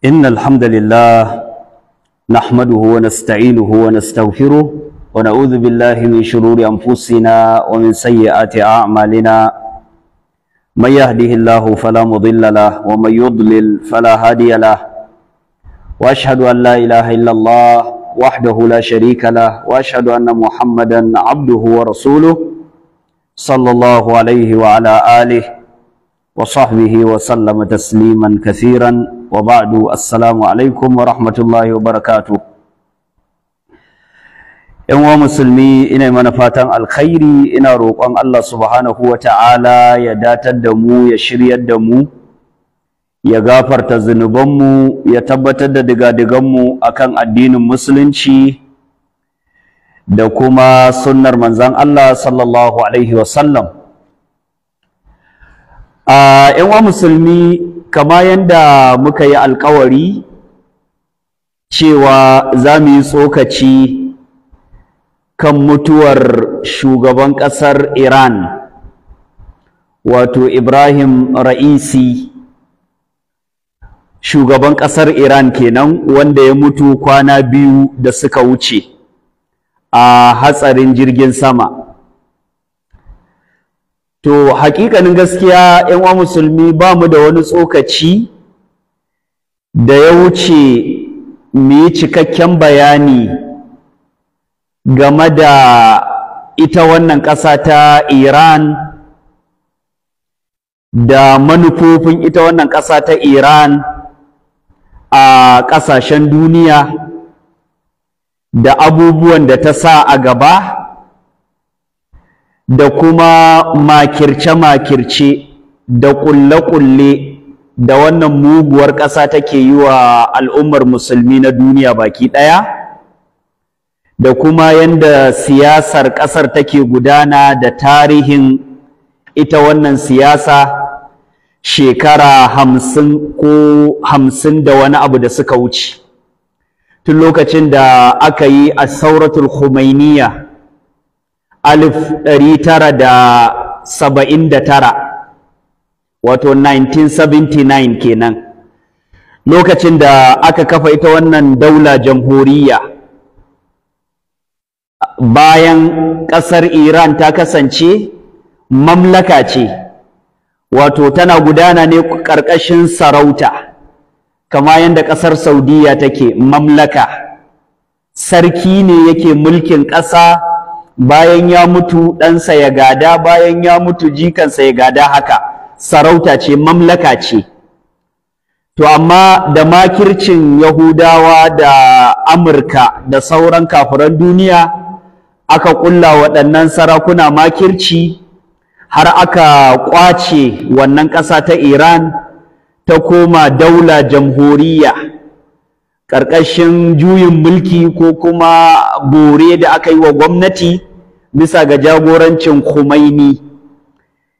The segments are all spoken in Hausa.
إن الحمد لله نحمده ونستعينه ونستغفره ونعوذ بالله من شرور أنفسنا ومن سيئات أعمالنا من يهده الله فلا مضل له ومن يضلل فلا هادي له وأشهد أن لا إله إلا الله وحده لا شريك له وأشهد أن محمدا عبده ورسوله صلى الله عليه وعلى آله وصحبه وسلم تسليما كثيرا wa ba'du assalamu alaikum wa rahmatullahi wa barakatu. yan wa musulmi ina mana fatan alkhairi ina roƙon Allah subhanahu wa ta'ala ya datar da mu ya shiryar da mu ya gafarta zunubanmu ya tabbatar da digadiganmu akan addinin musulunci da kuma sunnar manzan Allah sallallahu alaihi wasallam a yan musulmi kama yanda muka yi alkawari cewa za mu yi tsokaci kan mutuwar shugaban ƙasar Iran wato Ibrahim Ra'isi shugaban ƙasar Iran kenan wanda ya mutu kwana biyu da suka wuce a hatsarin jirgin sama to haƙiƙanin gaskiya yan uwa musulmi ba mu da wani tsokaci da ya wuce mu yi cikakken bayani game da ita wannan ƙasa ta Iran da manufofin ita wannan ƙasa ta Iran a ƙasashen duniya da abubuwan da ta sa a gaba da kuma makirce-makirce da ƙulle-ƙulle da wannan muguwar ƙasa take yi wa al'ummar musulmi na duniya baki ɗaya da kuma yanda siyasar ƙasar take gudana da tarihin ita wannan siyasa shekara hamsin ko hamsin da wani abu da suka wuce tun lokacin da aka yi a sauratul khumainiyya alif ɗari tara da saba'in da tara wato 1979 kenan lokacin da aka kafa ita wannan daula jamhuriya bayan ƙasar iran ta kasance mamlaka ce wato tana gudana ne ƙarƙashin sarauta kama yadda ƙasar saudiya take mamlaka sarki ne yake mulkin ƙasa bayan ya mutu ɗansa ya gada bayan ya mutu jikansa ya gada haka sarauta ce mamlaka ce to amma da makircin yahudawa da amurka da sauran kafiran duniya aka ƙulla waɗannan sarakuna makirci har aka ƙwace wannan ƙasa ta iran ta koma daula jamhuriya ƙarƙashin juyin mulki ko kuma bore da aka yi wa gwamnati bisa ga jagorancin Khomeini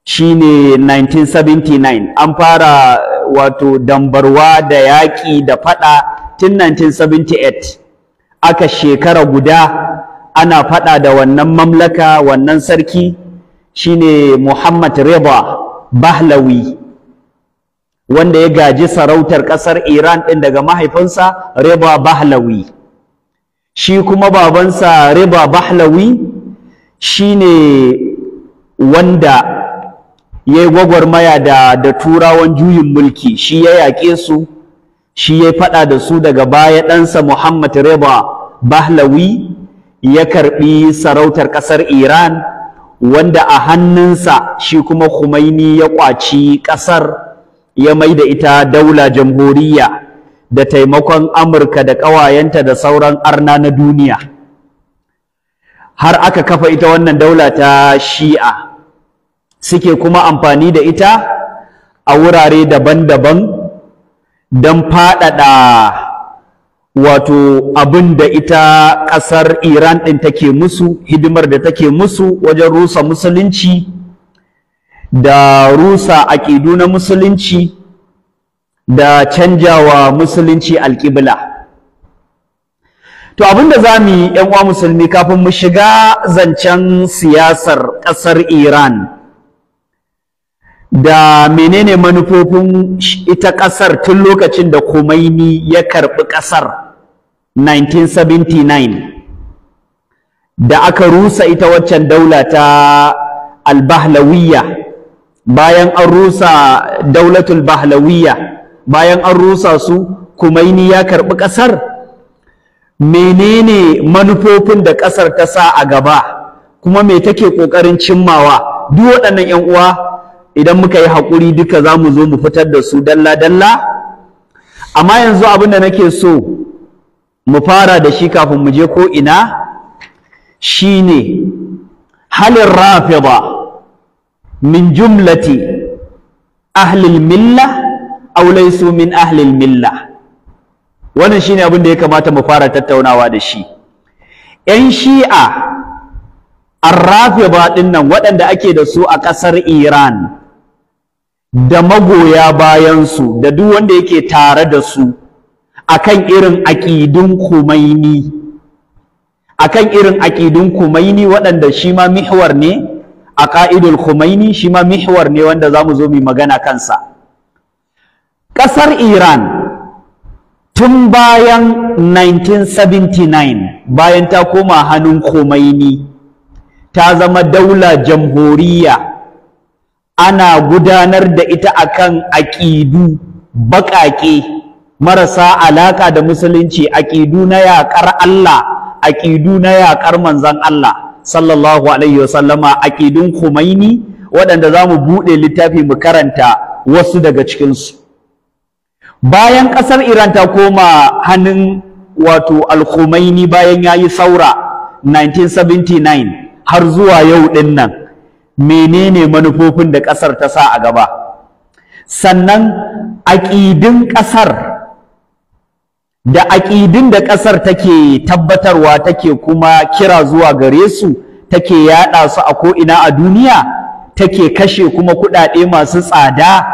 shine 1979 an fara wato dambarwa da yaƙi da faɗa tun 1978 aka shekara guda ana faɗa da wannan mamlaka wannan sarki shine Muhammad Reba Bahlawi wanda ya gaji sarautar ƙasar Iran ɗin daga mahaifinsa Reba Bahlawi shi kuma babansa Reba Bahlawi shi ne wanda ya yi gwagwarmaya da da turawan juyin mulki shi ya yaƙe su shi ya faɗa da su daga baya ɗansa Muhammad Reba Bahlawi ya karɓi sarautar ƙasar Iran wanda a hannunsa shi kuma Khomeini ya ƙwaci ƙasar ya mai da ita daula jamhuriya da taimakon amurka da ƙawayenta da sauran arna na duniya har aka kafa ita wannan daula ta shi'a suke kuma amfani da ita a wurare daban-daban don faɗaɗa wato abin da ita ƙasar iran ɗin take musu hidimar da take musu wajen rusa musulunci da rusa aƙidu na musulunci da canjawa musulunci alƙibla to abinda za mu yi uwa musulmi kafin mu shiga zancen siyasar ƙasar iran da menene manufofin ita ƙasar tun lokacin da Khomeini ya karɓi ƙasar 1979 da aka rusa ita waccan daula ta albahlawiyya bayan an rusa daulatul bahlawiya bayan an rusa su kumaini ya karɓi ƙasar menene manufofin da ƙasar ta sa a gaba kuma me take ƙoƙarin cimmawa duk waɗannan 'yan uwa idan muka yi haƙuri duka za mu zo mu fitar da su dalla-dalla amma yanzu abin da nake so mu fara da shi kafin mu je ko ina shine halin rafida min jumlati ahlil milla aw laysu min ahlil milla wannan shine abin da ya kamata mu fara tattaunawa da shi yan shi'a arrafiba nan waɗanda ake da su a ƙasar Iran da magoya bayansu da duk wanda yake tare da su akan irin aƙidun Kumaini, akan irin aƙidun kumaini waɗanda shi ma mihwar ne a ƙa'idul Khomeini shi ma mihwar ne wanda za mu zo mu magana kansa Ƙasar Iran tun bayan 1979 bayan ta koma hannun Khomeini ta zama daula jamhuriya ana gudanar da ita akan aƙidu baƙaƙe marasa alaƙa da musulunci aƙidu na yaƙar Allah aƙidu na yaƙar manzon Allah sallallahu alaihi wasallama aqidun Khumaini, waɗanda za mu buɗe littafi mu karanta wasu daga cikinsu bayan ƙasar Iran ta koma hannun wato al khumaini bayan ya yi saura 1979 har zuwa yau ɗin nan menene manufofin da ƙasar ta sa a gaba sannan aƙidin ƙasar da aƙidin da ƙasar take tabbatarwa take kuma kira zuwa gare su take yaɗa su a ko'ina a duniya take kashe kuma kuɗaɗe masu tsada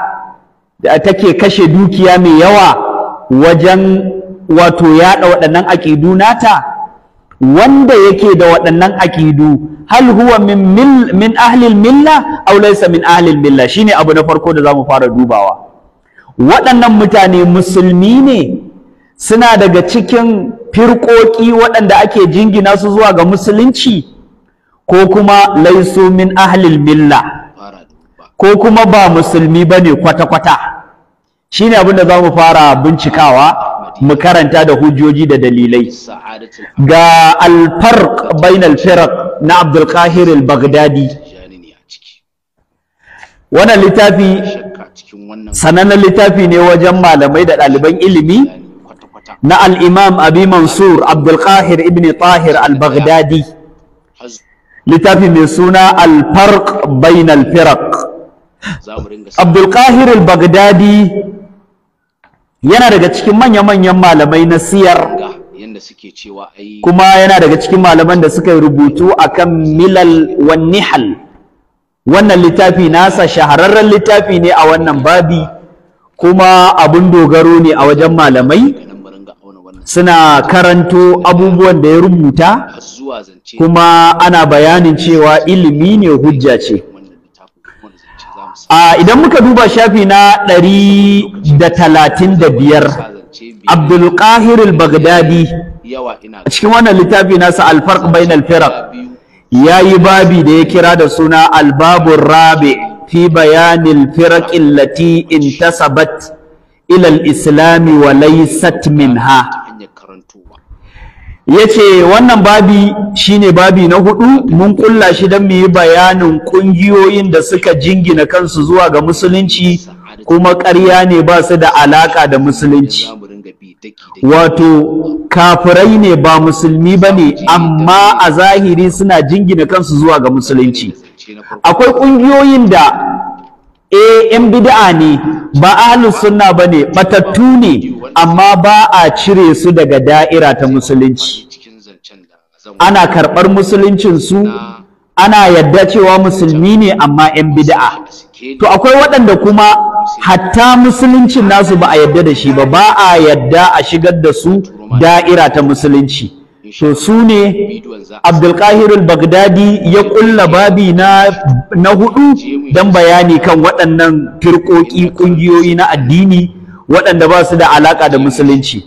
take kashe dukiya mai yawa wajen wato yaɗa waɗannan aƙidu nata wanda yake da waɗannan aƙidu hal huwa min, mil, ahlil milla aw laysa min ahlil milla shine abu na farko da zamu fara dubawa waɗannan mutane musulmi ne suna daga cikin firƙoƙi waɗanda ake jingina su zuwa ga musulunci ko kuma laisu min ahlil milla ko kuma ba musulmi ba ne kwata-kwata shi ne abinda za mu fara bincikawa mu karanta da hujjoji da dalilai ga alfarq bainal firq na abdulkahir al-baghdadi wannan littafi sanannen littafi ne wajen malamai da ɗaliban ilimi na al-imam abi mansur abdulkahir ibn tahir al-baghdadi littafi mai suna al-farq bain al-firaq abdulkahir al-baghdadi yana daga cikin manya-manyan malamai na siyar kuma yana daga cikin malaman da suka yi rubutu akan milal wan nihal wannan littafi nasa shahararren littafi ne a wannan babi kuma abin dogaro ne a wajen malamai suna karanto abubuwan da ya rubuta kuma ana bayanin cewa ilimi ne hujja ce idan muka duba shafi na 135 abdulkahir al-baghdadi a cikin wannan littafi nasa alfarq bain al-firaq yayi babi da ya kira da suna al-babu rabi fi bayan al-firaq allati intasabat ila al-islam wa laysat minha ya ce wannan babi shine babi na hudu mun kulla shi dan mu yi bayanin ƙungiyoyin da suka jingina kansu zuwa ga musulunci kuma ƙarya ne ba su da alaƙa da musulunci wato kafirai ne ba musulmi ba ne amma a zahiri suna jingina kansu zuwa ga musulunci akwai ƙungiyoyin da eh yan bida'a ne ba ahlus sunna bane batattu ne amma ba a cire su daga da'ira ta musulunci ana karɓar musuluncin su ana yadda cewa musulmi ne amma yan bid'a to akwai waɗanda kuma hatta musuluncin nasu ba a yadda da shi ba ba a yadda a shigar da su da'ira ta musulunci to su ne abdulkahir al-baghdadi ya kulla babi na na hudu dan bayani kan waɗannan firƙoƙi ƙungiyoyi na addini waɗanda ba su da alaƙa da musulunci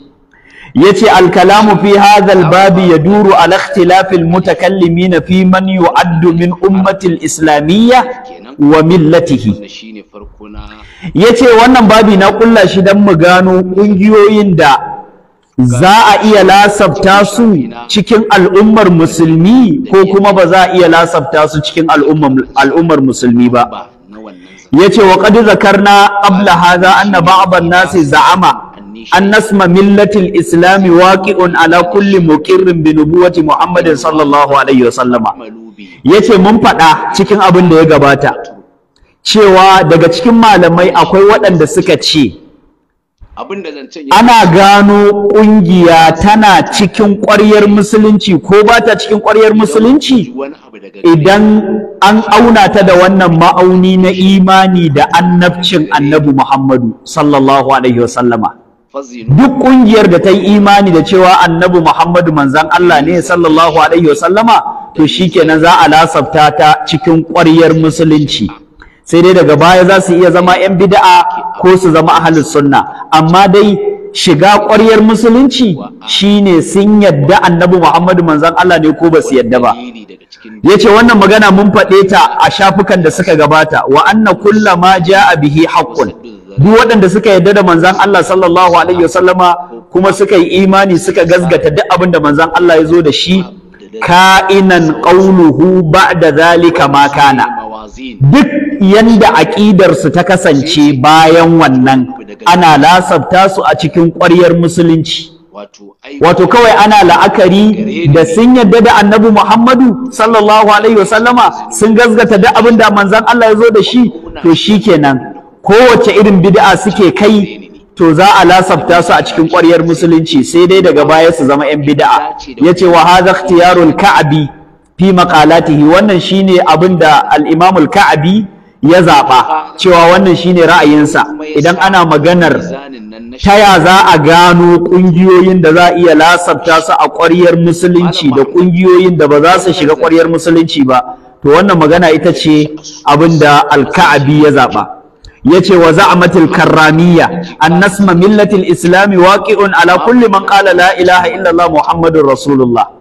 yace al-kalamu fi hadha al-babi yaduru ala ikhtilaf al-mutakallimin fi man yu'addu min ummati al-islamiyya wa millatihi yace wannan babi na kulla shi dan mu gano ƙungiyoyin da za a iya lasafta su cikin al'ummar musulmi ko kuma ba za a iya lasafta su cikin al'ummar musulmi ba yace wa qad zakarna qabla hadha anna ba'd an-nas za'ama an nasma millatil islam waqi'un ala kulli muqirrin bi nubuwati muhammadin sallallahu alaihi wasallama yace mun faɗa cikin abin da ya gabata cewa daga cikin malamai akwai waɗanda suka ce abin da ana gano kungiya tana cikin ƙwaryar musulunci ko ba ta cikin ƙwaryar musulunci idan an auna ta da wannan ma'auni na imani da annabcin eh, annabi Muhammadu sallallahu alaihi wasallama duk kungiyar da ta yi imani da cewa annabi Muhammadu manzan Allah ne sallallahu alaihi wasallama to shikenan za a lasafta ta cikin ƙwaryar musulunci sai dai daga baya za su iya zama 'yan bid'a ko su zama ahalin sunna amma dai shiga ƙwaryar musulunci shine sun yadda annabi Muhammadu manzon Allah ne ko ba su yadda ba yace wannan magana mun faɗe ta a shafukan da suka gabata wa anna kulla kullama a bihi haqqun duk waɗanda suka yadda da manzan Allah sallallahu alaihi wasallama kuma suka yi imani suka gazgata duk abin da manzan Allah ya zo da shi ka'inan qauluhu ba'da zalika ma kana duk yanda aƙidarsu ta kasance bayan wannan ana lasabta su a cikin ƙwaryar musulunci wato kawai ana la'akari da sun yadda da annabi muhammadu sallallahu alaihi wasallama sun gazgata da abin da manzan allah ya zo da shi to shi kenan kowace irin bid'a suke kai to za a lasafta su a cikin ƙwaryar musulunci sai dai daga baya su zama 'yan bid'a ya ce wa haza ikhtiyarul ka'abi fi maqalatihi wannan shine abin da alimamul ka'abi ya zaɓa. cewa wannan shine ra'ayinsa idan ana maganar ta ya za a gano ƙungiyoyin da za a iya lasafta su a ƙwaryar musulunci da ƙungiyoyin da ba za su shiga ƙwaryar musulunci ba to wannan magana ita ce abin da al-Ka'bi ya zaba yace wa za'amatul karramiyya an nasma millatil islami waƙi'un ala kulli man qala la ilaha illallah muhammadur rasulullah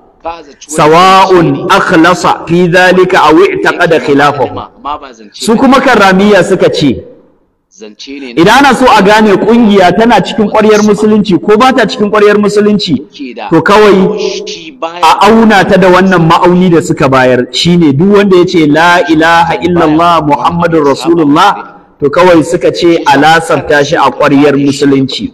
sawa'un akhlasa fi dhalika aw i'taqada khilafahu su kuma karamiya suka ce idan ana so a gane kungiya tana cikin ƙwaryar musulunci ko ba ta cikin ƙwaryar musulunci to kawai a auna ta da wannan ma'auni da suka bayar shine duk wanda ya ce la ilaha illallah muhammadur rasulullah to kawai suka ce a lasafta shi a ƙwaryar musulunci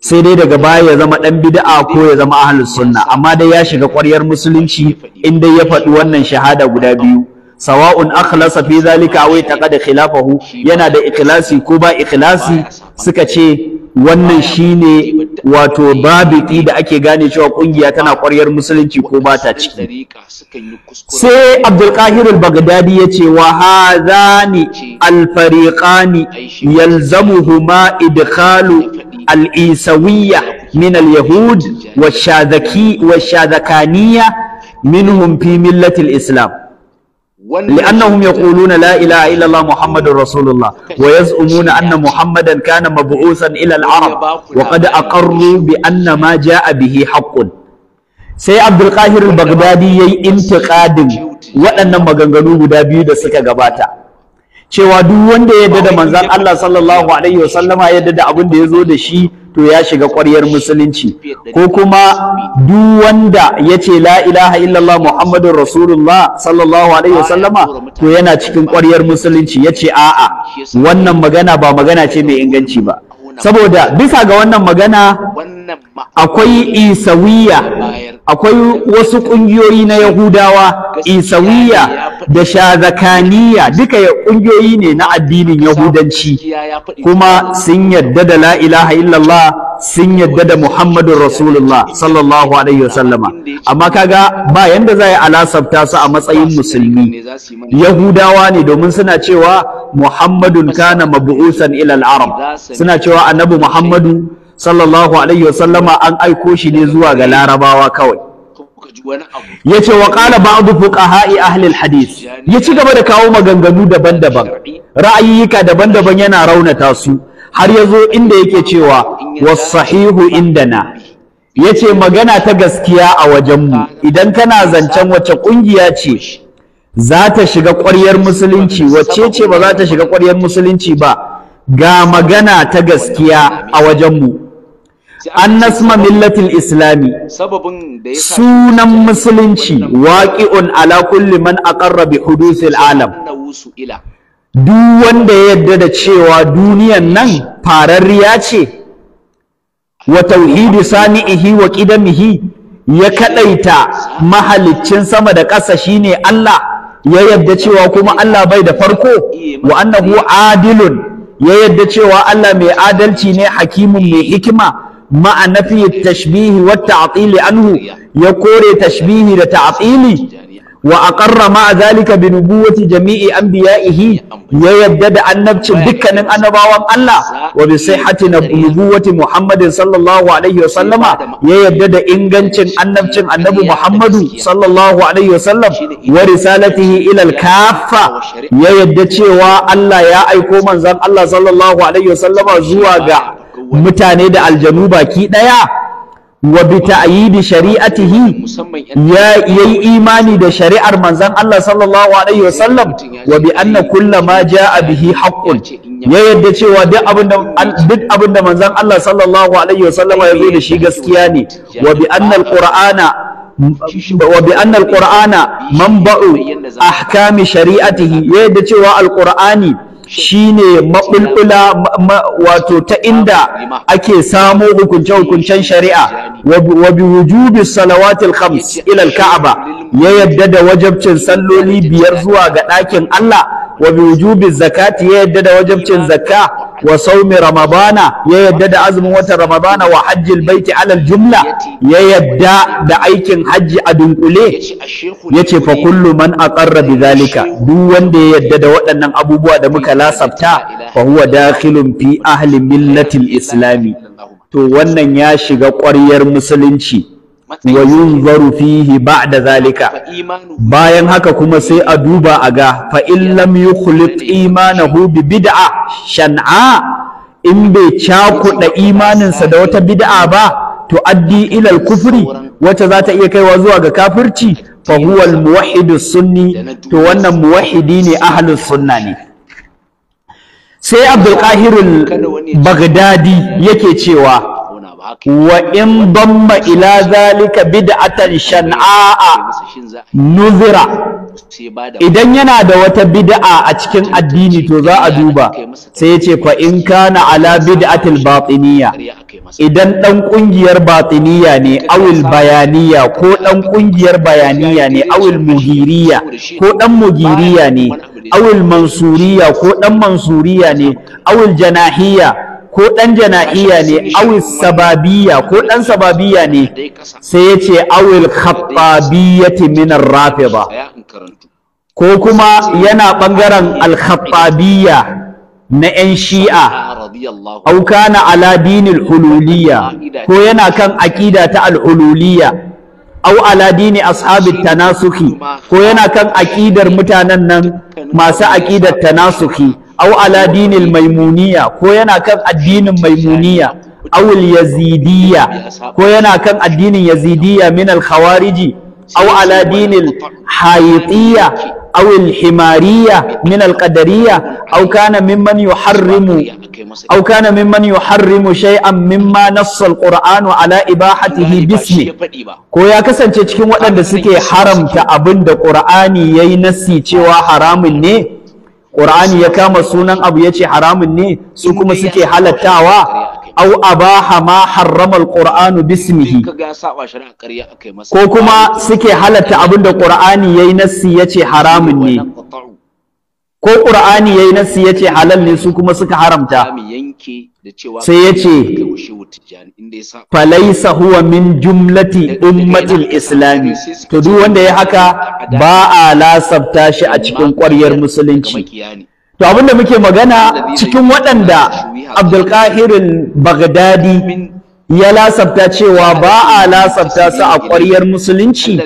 sai dai daga baya ya zama ɗan bid'a ko ya zama ahlus sunna amma dai ya shiga ƙwaryar musulunci in dai ya faɗi wannan shahada guda biyu sawa'un akhlasa fi zalika aw taqada khilafahu yana da ikhlasi ko ba ikhlasi suka ce wannan shine wato babiti da ake gane cewa kungiya tana ƙwaryar musulunci ko ba ta ciki sai abdulkahir al-baghdadi ya ce wa hadhani al-fariqani yalzamuhuma idkhalu al-isawiyya min al-yahud wa shadhaki wa shadhakaniya minhum fi millatil islam لأنهم يقولون لا إله إلا الله محمد رسول الله ويزعمون أن محمدا كان مبعوثا إلى العرب وقد أقروا بأن ما جاء به حق sai Abdulkahir Baghdadi yayi intiqadin waɗannan maganganu guda biyu da suka gabata cewa duk wanda ya yarda da manzon Allah sallallahu alaihi wasallama ya yarda da abin da ya zo da shi to ya shiga ƙwaryar musulunci ko kuma duk wanda ya ce la ilaha illallah muhammadun rasulullah sallallahu alaihi wasallama to yana cikin ƙwaryar musulunci ya ce a'a wannan magana ba magana ce mai inganci ba saboda bisa ga wannan magana akwai isawiya akwai wasu ƙungiyoyi na Yahudawa Isawiya da Shazakaniya duka ƙungiyoyi ne na addinin Yahudanci kuma sun yadda da la ilaha illallah sun yadda da Muhammadun Rasulullah sallallahu alaihi wasallama amma kaga ba yanda za a lasafta su a matsayin musulmi Yahudawa ne domin suna cewa Muhammadun kana mabu'usan ilal Arab suna cewa annabi Muhammadu sallallahu alaihi wasallama an aiko shi ne zuwa ga larabawa kawai Ya yace wa qala ba'd fuqaha'i ahlil hadis ya ci gaba da kawo maganganu daban-daban ra'ayyika daban-daban yana raunata su har ya zo inda yake cewa was sahihu indana yace magana ta gaskiya a wajenmu idan kana zancen wace kungiya ce za ta shiga ƙwaryar musulunci wacce ce ba za ta shiga ƙwaryar musulunci ba ga magana ta gaskiya a wajenmu an nasma millatil islami sunan musulunci waƙi'un ala kulli man aqarra bi hudusil alam duk wanda ya yarda da cewa duniyan nan fararriya ce wa tauhidi sani'ihi wa qidamihi ya kadaita mahaliccin sama da ƙasa shine Allah ya yadda cewa kuma Allah bai da farko wa annahu adilun ya yarda cewa Allah mai adalci ne hakimun mai hikima ma'a nafi tashbihi wa ta'tili anhu ya kore tashbihi da ta'tili wa aqarra ma'a zalika bi nubuwwati jami'i ihi? ya yadda da annabcin dukkanin annabawan Allah wa bi sihhati nubuwwati Muhammadin sallallahu ya yadda da ingancin annabcin annabi Muhammadu sallallahu alaihi wa sallam wa risalatihi ya yadda cewa Allah ya aiko manzon Allah sallallahu zuwa ga mutane da aljanu baki ɗaya wa bi ta'yidi shari'atihi ya yi imani da shari'ar manzon Allah sallallahu alaihi wasallam wa bi anna kullama ja'a bihi haqqun ya yadda cewa duk abin da duk abin da manzon Allah sallallahu alaihi wasallam ya zo da shi gaskiya ne wa bi anna alqur'ana وبأن القرآن منبع ya yadda cewa القرآن shine mabulbula wato ta inda ake samo hukunce-hukuncen shari'a wa bi wujubi salawatil khams ila al-ka'aba ya yadda da wajabcin salloli biyar zuwa ga ɗakin Allah wa bi wujubi zakati ya yadda da wajibcin zakka wa saumi ramadana ya yadda da azumin watan ramadana wa Hajji baiti alal jumla ya yadda da aikin hajji a dunkule ce fa kulluman a aqarra bidhalika duk wanda ya yadda da waɗannan abubuwa da muka lasafta fa huwa fi ahli millatil islami to wannan ya shiga ƙwaryar musulunci wa yunzaru fihi ba'da zalika bayan haka kuma sai a duba a ga fa in lam yukhlit imanahu bi bid'a shan'a in bai cakuɗa imaninsa da wata bid'a ba to addi ilal kufri wacce za ta iya kaiwa zuwa ga kafirci fa huwa al muwahhid sunni to wannan muwahhidi ne ahlus sunna ne sai abdul qahir al baghdadi yake cewa wa in damma ila zalika bid'atan shan'a nuzira idan yana da wata bid'a a cikin addini to za a duba sai ya ce fa in kana ala bid'atil batiniya idan dan kungiyar batiniya ne awil bayaniya ko dan kungiyar bayaniya ne awil muhiriya ko dan muhiriya ne awil mansuriya ko dan mansuriya ne awil janahiya ko ɗan jana'iya ne awil sababiya ko ɗan sababiya ne sai ya ce awil khattabiyyati min ar-rafida ko kuma yana ɓangaren al-khattabiyya na 'yan shi'a au kana ala dinil hululiyya ko yana kan aƙida ta al-hululiyya au ala dini ashabi tanasuki ko yana kan aƙidar mutanen nan masu aƙidar tanasuki aw ala dinil maimuniya ko yana kan addinin maimuniya aw yazidiyya ko yana kan addinin yazidiyya min al khawariji aw ala dinil hayitiyya aw al himariyya min al qadariyya aw kana mimman yuharrimu aw kana mimman yuharrimu shay'an mimma nassa al qur'anu ala ibahatihi bismi ko ya kasance cikin waɗanda suke haramta abin da qur'ani yayi nassi cewa haramun ne Qur'ani ya kama sunan abu yace haramun ne su kuma suke halattawa au abaha ma harrama ƙur'anu bismihi ko kuma suke halatta abin da ya yi nassi yace haramun ne ko ya yi nassi yace halal ne su kuma suka haramta sai ce. falaisa huwa min jumlati ummatil islami to duk wanda ya haka ba a lasabta shi a cikin ƙwaryar musulunci to abinda muke magana cikin waɗanda abdulkahirin bagdadi ya lasabta cewa ba a lasabta su a ƙwaryar musulunci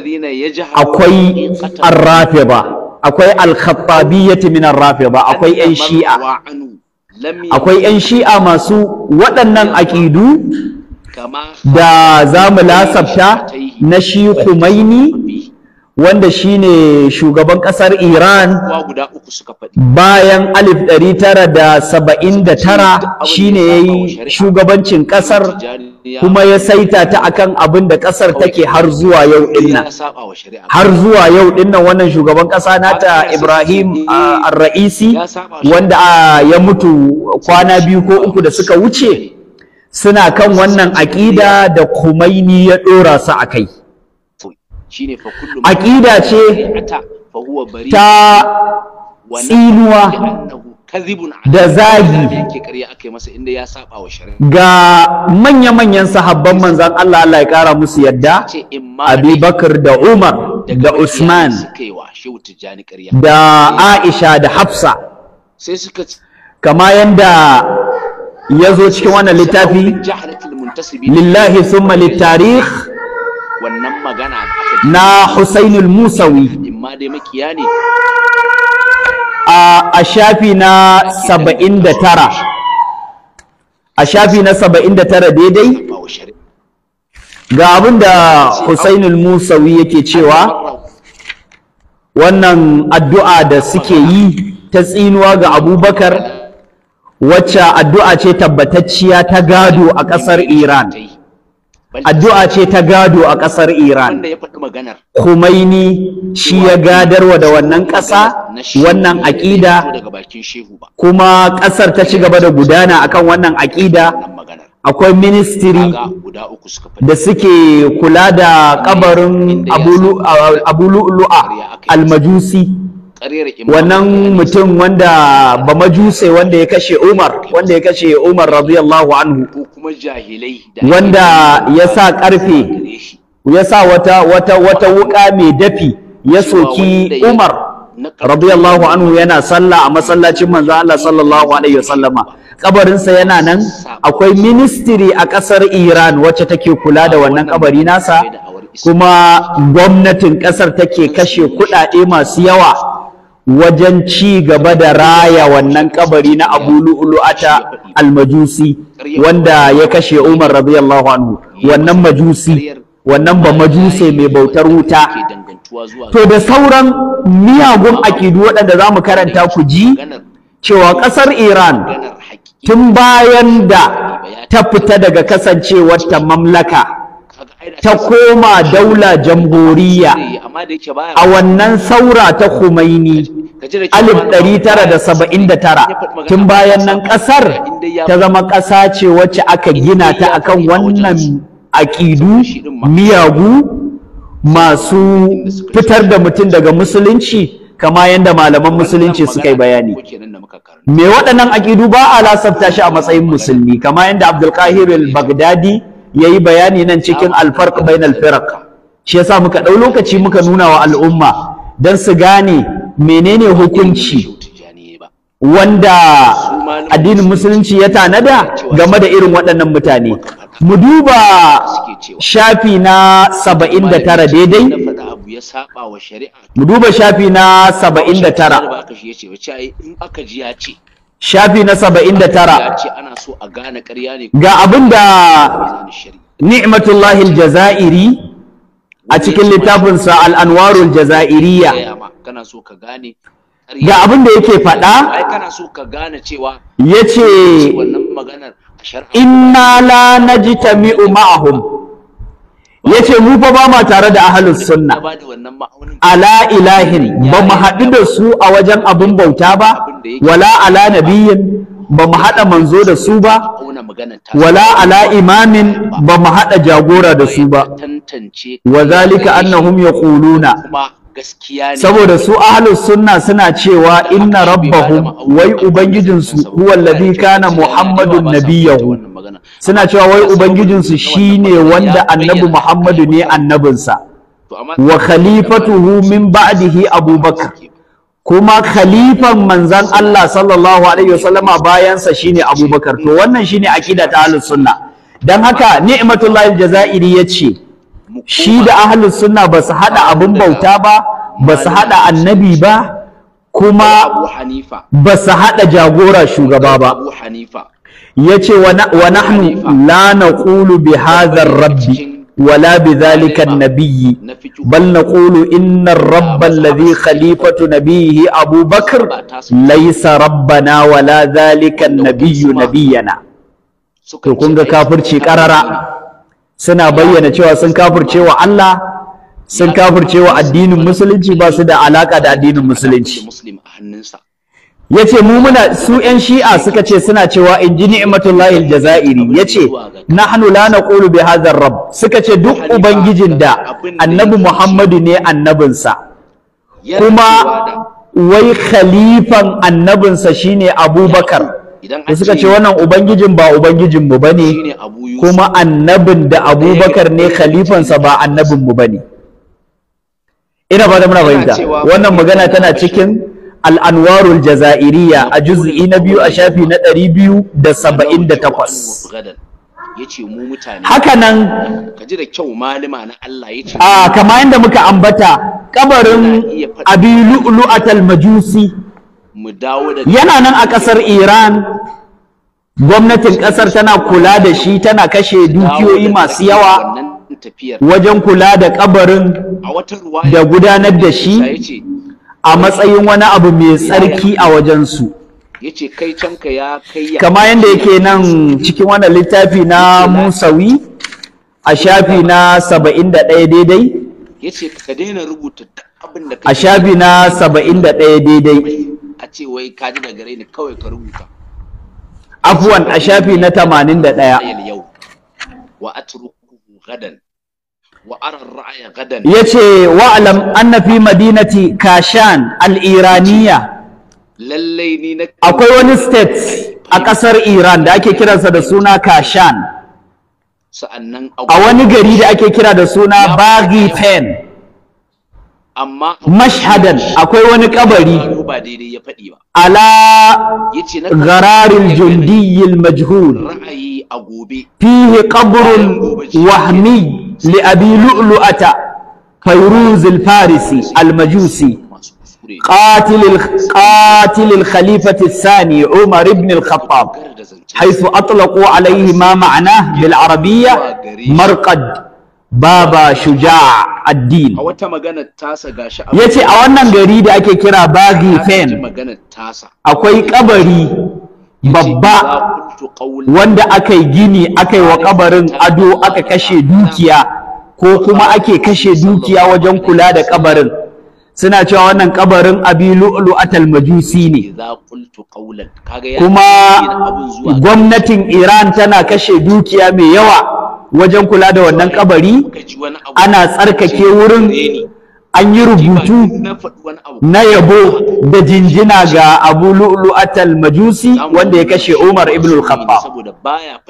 akwai arrafe ba akwai alkhattabiyyati min arrafe ba akwai 'yan shi'a akwai 'yan shi'a masu waɗannan aƙidu da za mu lasafta na shi Khumaini wanda shine shugaban kasar Iran bayan alif ɗari tara da saba'in da shine yayi shugabancin kasar kuma ya saita ta akan abin da kasar take har zuwa yau dinnan har zuwa yau dinnan wannan shugaban kasa nata Ibrahim Ar-Ra'isi wanda ya mutu kwana biyu ko uku da suka wuce suna kan wannan aƙida da Kumaini ya ɗora su a kai shine ce ta tsinuwa da zagi ga manya-manyan sahabban manzan Allah Allah ya kara musu yadda Abubakar da Umar da Usman da eh. Aisha da Hafsa kama yadda ya zo cikin wannan littafi lillahi summa littarikh wannan magana na Husainul Musawi imma dai makiya ne a shafi na 79 a shafi na 79 daidai ga abin da Husainul Musawi yake cewa wannan addu'a da suke yi ta tsinuwa ga Abubakar wacce addu'a ce tabbatacciya ta gado a ƙasar Iran addu'a ce ta gado a ƙasar Iran Khomeini shi ya gadarwa da wannan ƙasa wannan aƙida kuma ƙasar ta ci gaba da gudana akan wannan aƙida akwai ministiri da suke kula da kabarin abulu'a almajusi wannan mutum wanda ba majuse wanda ya kashe Umar wanda ya kashe Umar radiyallahu anhu wanda ya sa karfe ya sa wata wata wata wuka mai dafi ya soki Umar radiyallahu anhu yana sallah a masallacin manzo Allah sallallahu alaihi wasallama kabarinsa yana nan akwai ministry a ƙasar Iran wacce take kula da wannan kabari nasa kuma gwamnatin ƙasar take kashe kuɗaɗe masu yawa wajen ci gaba da raya wannan kabari na Abu Lu'lu'ata al-Majusi wanda ya kashe Umar radiyallahu anhu wannan majusi wannan ba majuse mai bautar wuta to da sauran miyagun akidu waɗanda za mu karanta ku ji cewa ƙasar Iran tun bayan da ta fita daga kasancewarta mamlaka ta koma daula jamhuriya a wannan saura ta Khomeini alif ɗari tun bayan nan ƙasar ta zama ƙasa ce wacce aka gina ta akan wannan aƙidu miyagu masu fitar da mutum daga musulunci kama yadda malaman musulunci suka yi bayani me waɗannan aƙidu ba a lasafta shi a matsayin musulmi kama yadda abdulkahir al-baghdadi yayi bayani nan cikin alfarq bainal firq shi yasa muka dau lokaci muka nuna wa al'umma dan su gane menene hukunci wanda addinin musulunci ya tanada game da irin waɗannan mutane mu duba shafi na 79 daidai mu duba shafi na 79 shafi na saba'in da tara ga abin da ni'matullahi aljazairi a cikin littafinsa al'anwarul jazairiya ga abin da yake faɗa ya ce inna la najtami'u ma'ahum yace mu fa ba ma tare da ahlus sunna ala ilahin ba mu haɗu da su a wajen abin bauta ba wala ala nabiyin ba mu haɗa manzo da su ba wala ala imamin ba mu haɗa jagora da su ba wa zalika annahum yaquluna gaskiya ne saboda su ahlus sunna suna cewa inna rabbahum wai ubangijinsu huwa alladhi kana muhammadun nabiyahu suna cewa wai ubangijinsu shine wanda annabi muhammadu ne annabinsa wa khalifatuhu min ba'dihi abubakar kuma khalifan manzan Allah sallallahu alaihi bayansa shine abubakar to wannan shine aƙida ta ahlus sunna dan haka ni'matullahi jazairi yace shi da ahlus sunna ba su haɗa abin bauta ba ba su haɗa annabi ba kuma ba su haɗa jagora shugaba ba ya ce wa nahnu la naqulu bi hadha rabbi ولا بذلك النبي بل نقول إن الرب الذي خليفة نبيه أبو بكر ليس ربنا ولا ذلك النبي نبينا تكون كافر شكرا suna bayyana cewa sun kafircewa Allah sun wa addinin musulunci ba su da alaka da addinin musulunci ya ce mu muna su 'yan shi'a suka ce suna cewa in ji ni'matullahi aljazairi ya ce nahnu la naqulu bi hadha rabb suka ce duk ubangijin da annabi muhammadu ne annabinsa kuma wai khalifan annabinsa shine abubakar da suka ce wannan ubangijin ba ubangijin mu bane kuma annabin da abubakar ne eh, khalifansa ba annabin mu bane ina ba da muna fahimta wannan magana tana cikin al'anwarul jaza'iriya a juz'i na biyu a shafi na ɗari biyu da saba'in da takwas haka nan a kama yadda muka ambata kabarin abi lu'lu'atal majusi yana nan a ƙasar iran gwamnatin ƙasar tana kula da shi tana kashe dukiyoyi masu yawa wajen kula da kabarin da gudanar da shi a matsayin wani abu mai tsarki a wajensu kama yadda yake nan cikin wani littafi na musawi a shafi na 71 daidai a shafi na 71 daidai a ce wai ka ji da gare ni kawai ka rubuta afwan a shafi na 81 yau wa atruku gadan wa ara ra'aya gadan yace wa alam anna fi madinati kashan al-iraniya lalle ni na akwai wani state a kasar Iran da ake kiransa da suna Kashan a wani gari da ake kira da suna Baghi Pen amma mashhadan akwai wani kabari ba daidai ya faɗi ba ala ghararil jundiyil majhul ra'ayi a gobe fihi qabrun wahmi li abi lu'lu'ata fayruz al farisi al majusi قاتل قاتل الخليفة الثاني عمر بن الخطاب حيث أطلقوا عليه ما معناه بالعربية مرقد baba shuja addin a wata magana tasa yace a wannan gari da ake kira bagi fen akwai kabari babba wanda aka gini aka yi wa kabarin ado aka kashe dukiya ko kuma ake kashe dukiya wajen kula da kabarin suna cewa wannan kabarin abi lu'lu'atal majusi ne kuma gwamnatin Iran tana kashe dukiya mai yawa wajen kula da wannan kabari ana tsarkake wurin an yi rubutu na yabo da jinjina ga abu lu'atal majusi wanda ya kashe umar ibn al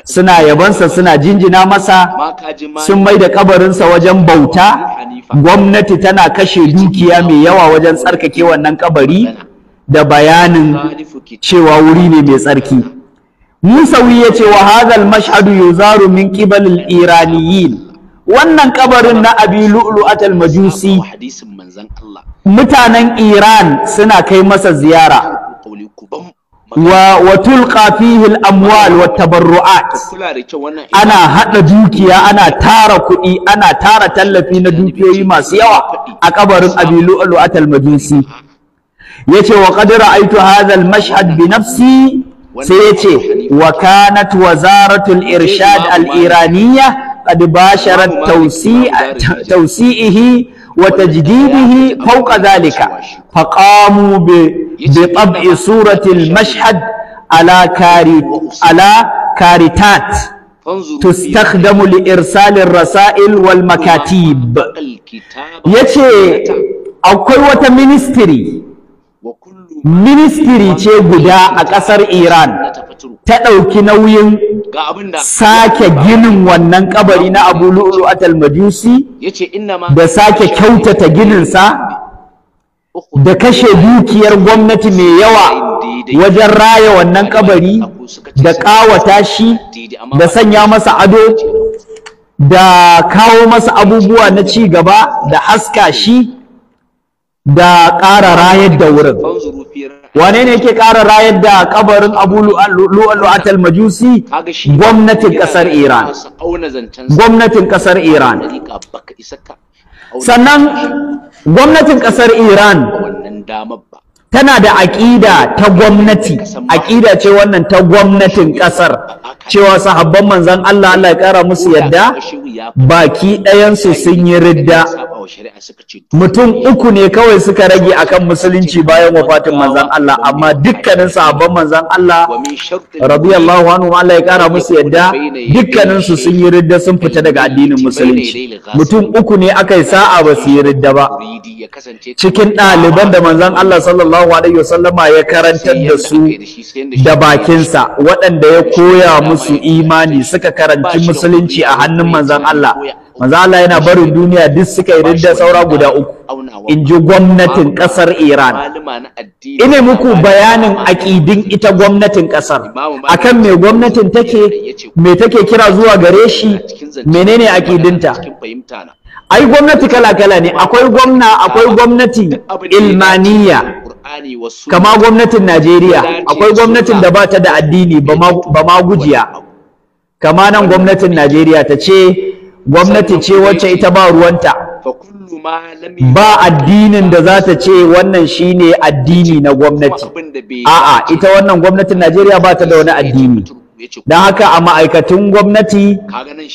suna yabansa suna jinjina masa sun mai da kabarinsa wajen bauta gwamnati tana kashe dukiya mai yawa wajen tsarkake wannan kabari da bayanin cewa wuri ne mai tsarki musawi ya ce wa hadal mashhadu yuzaru min qibal iraniyin wannan kabarin na abi lu'lu'at atal majusi mutanen iran suna kai masa ziyara wa wa tulqa al-amwal wa tabarru'at ana hada dukiya ana tara kuɗi ana tara tallafi na dukiyoyi masu yawa a kabarin abi lu'lu'at atal majusi yace wa qad ra'aytu hadha al-mashhad bi nafsi سيتي وكانت وزارة الإرشاد الإيرانية قد باشرت توسيئه وتجديده فوق ذلك فقاموا بطبع صورة المشهد على على كارتات تستخدم لإرسال الرسائل والمكاتيب يتي أو كل وتمينستري ministiri ce guda a ƙasar Iran ta ɗauki nauyin sake ginin wannan kabari na Abu Lu'lu Atal Majusi da sake kyautata gininsa da kashe dukiyar gwamnati mai yawa wajen raya wannan kabari da ƙawata shi da sanya masa ado da kawo masa abubuwa na ci gaba da haska shi da ƙara rayar da wurin wane ne ke ƙara rayar da kabarin abu lu'allu'atal majusi gwamnatin ƙasar iran gwamnatin ƙasar iran sannan gwamnatin ƙasar iran tana da aƙida ta gwamnati aƙida ce wannan ta gwamnatin ƙasar cewa sahabban manzan Allah Allah ya ƙara musu yadda baki ɗayansu sun yi ridda wa shari'a suka ce mutum uku ne kawai suka rage akan musulunci bayan wafatin manzon Allah amma dukkanin sahabban manzon Allah radiyallahu anhu Allah ya kara musu yadda dukkanin su sun yi ridda sun fita daga addinin musulunci mutum uku ne aka yi sa'a ba su yi ridda ba cikin ɗaliban da manzon Allah sallallahu alaihi wasallama ya karantar da su da bakinsa waɗanda ya koya musu imani suka karanci musulunci a hannun manzon Allah manzo Allah yana barin duniya duk suka yi ridda saura guda uku in ji gwamnatin kasar Iran ine muku bayanin akidin ita gwamnatin kasar akan me gwamnatin take me take kira zuwa gare shi menene akidinta? ai gwamnati kala-kala ne akwai gwamna akwai gwamnati ilmaniya kama gwamnatin Najeriya akwai gwamnatin da ba ta da addini ba ma gujiya kama nan gwamnatin Najeriya ta ce gwamnati ce wacce ita ba ruwanta ba addinin da za ta ce wannan shine addini na gwamnati a'a ita wannan gwamnatin Najeriya ba ta da wani addini don haka a ma'aikatun gwamnati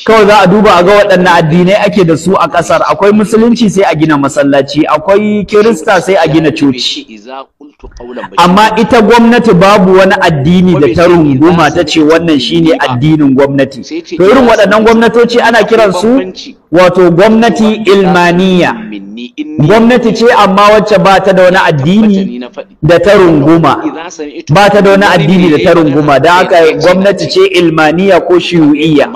kawai za a duba a ga waɗannan addinai ake da su a ƙasar akwai musulunci sai a gina masallaci akwai kirista sai a gina coci amma ita gwamnati babu wani addini da ta runguma ta ce wannan shine addinin gwamnati to irin waɗannan gwamnatoci ana kiransu wato gwamnati ilmaniya gwamnati ce amma wacce ba ta da wani addini da ta runguma ba ta da wani addini da ta runguma eh, da eh, aka eh, gwamnati ce ilmaniya ko shiyu'iyya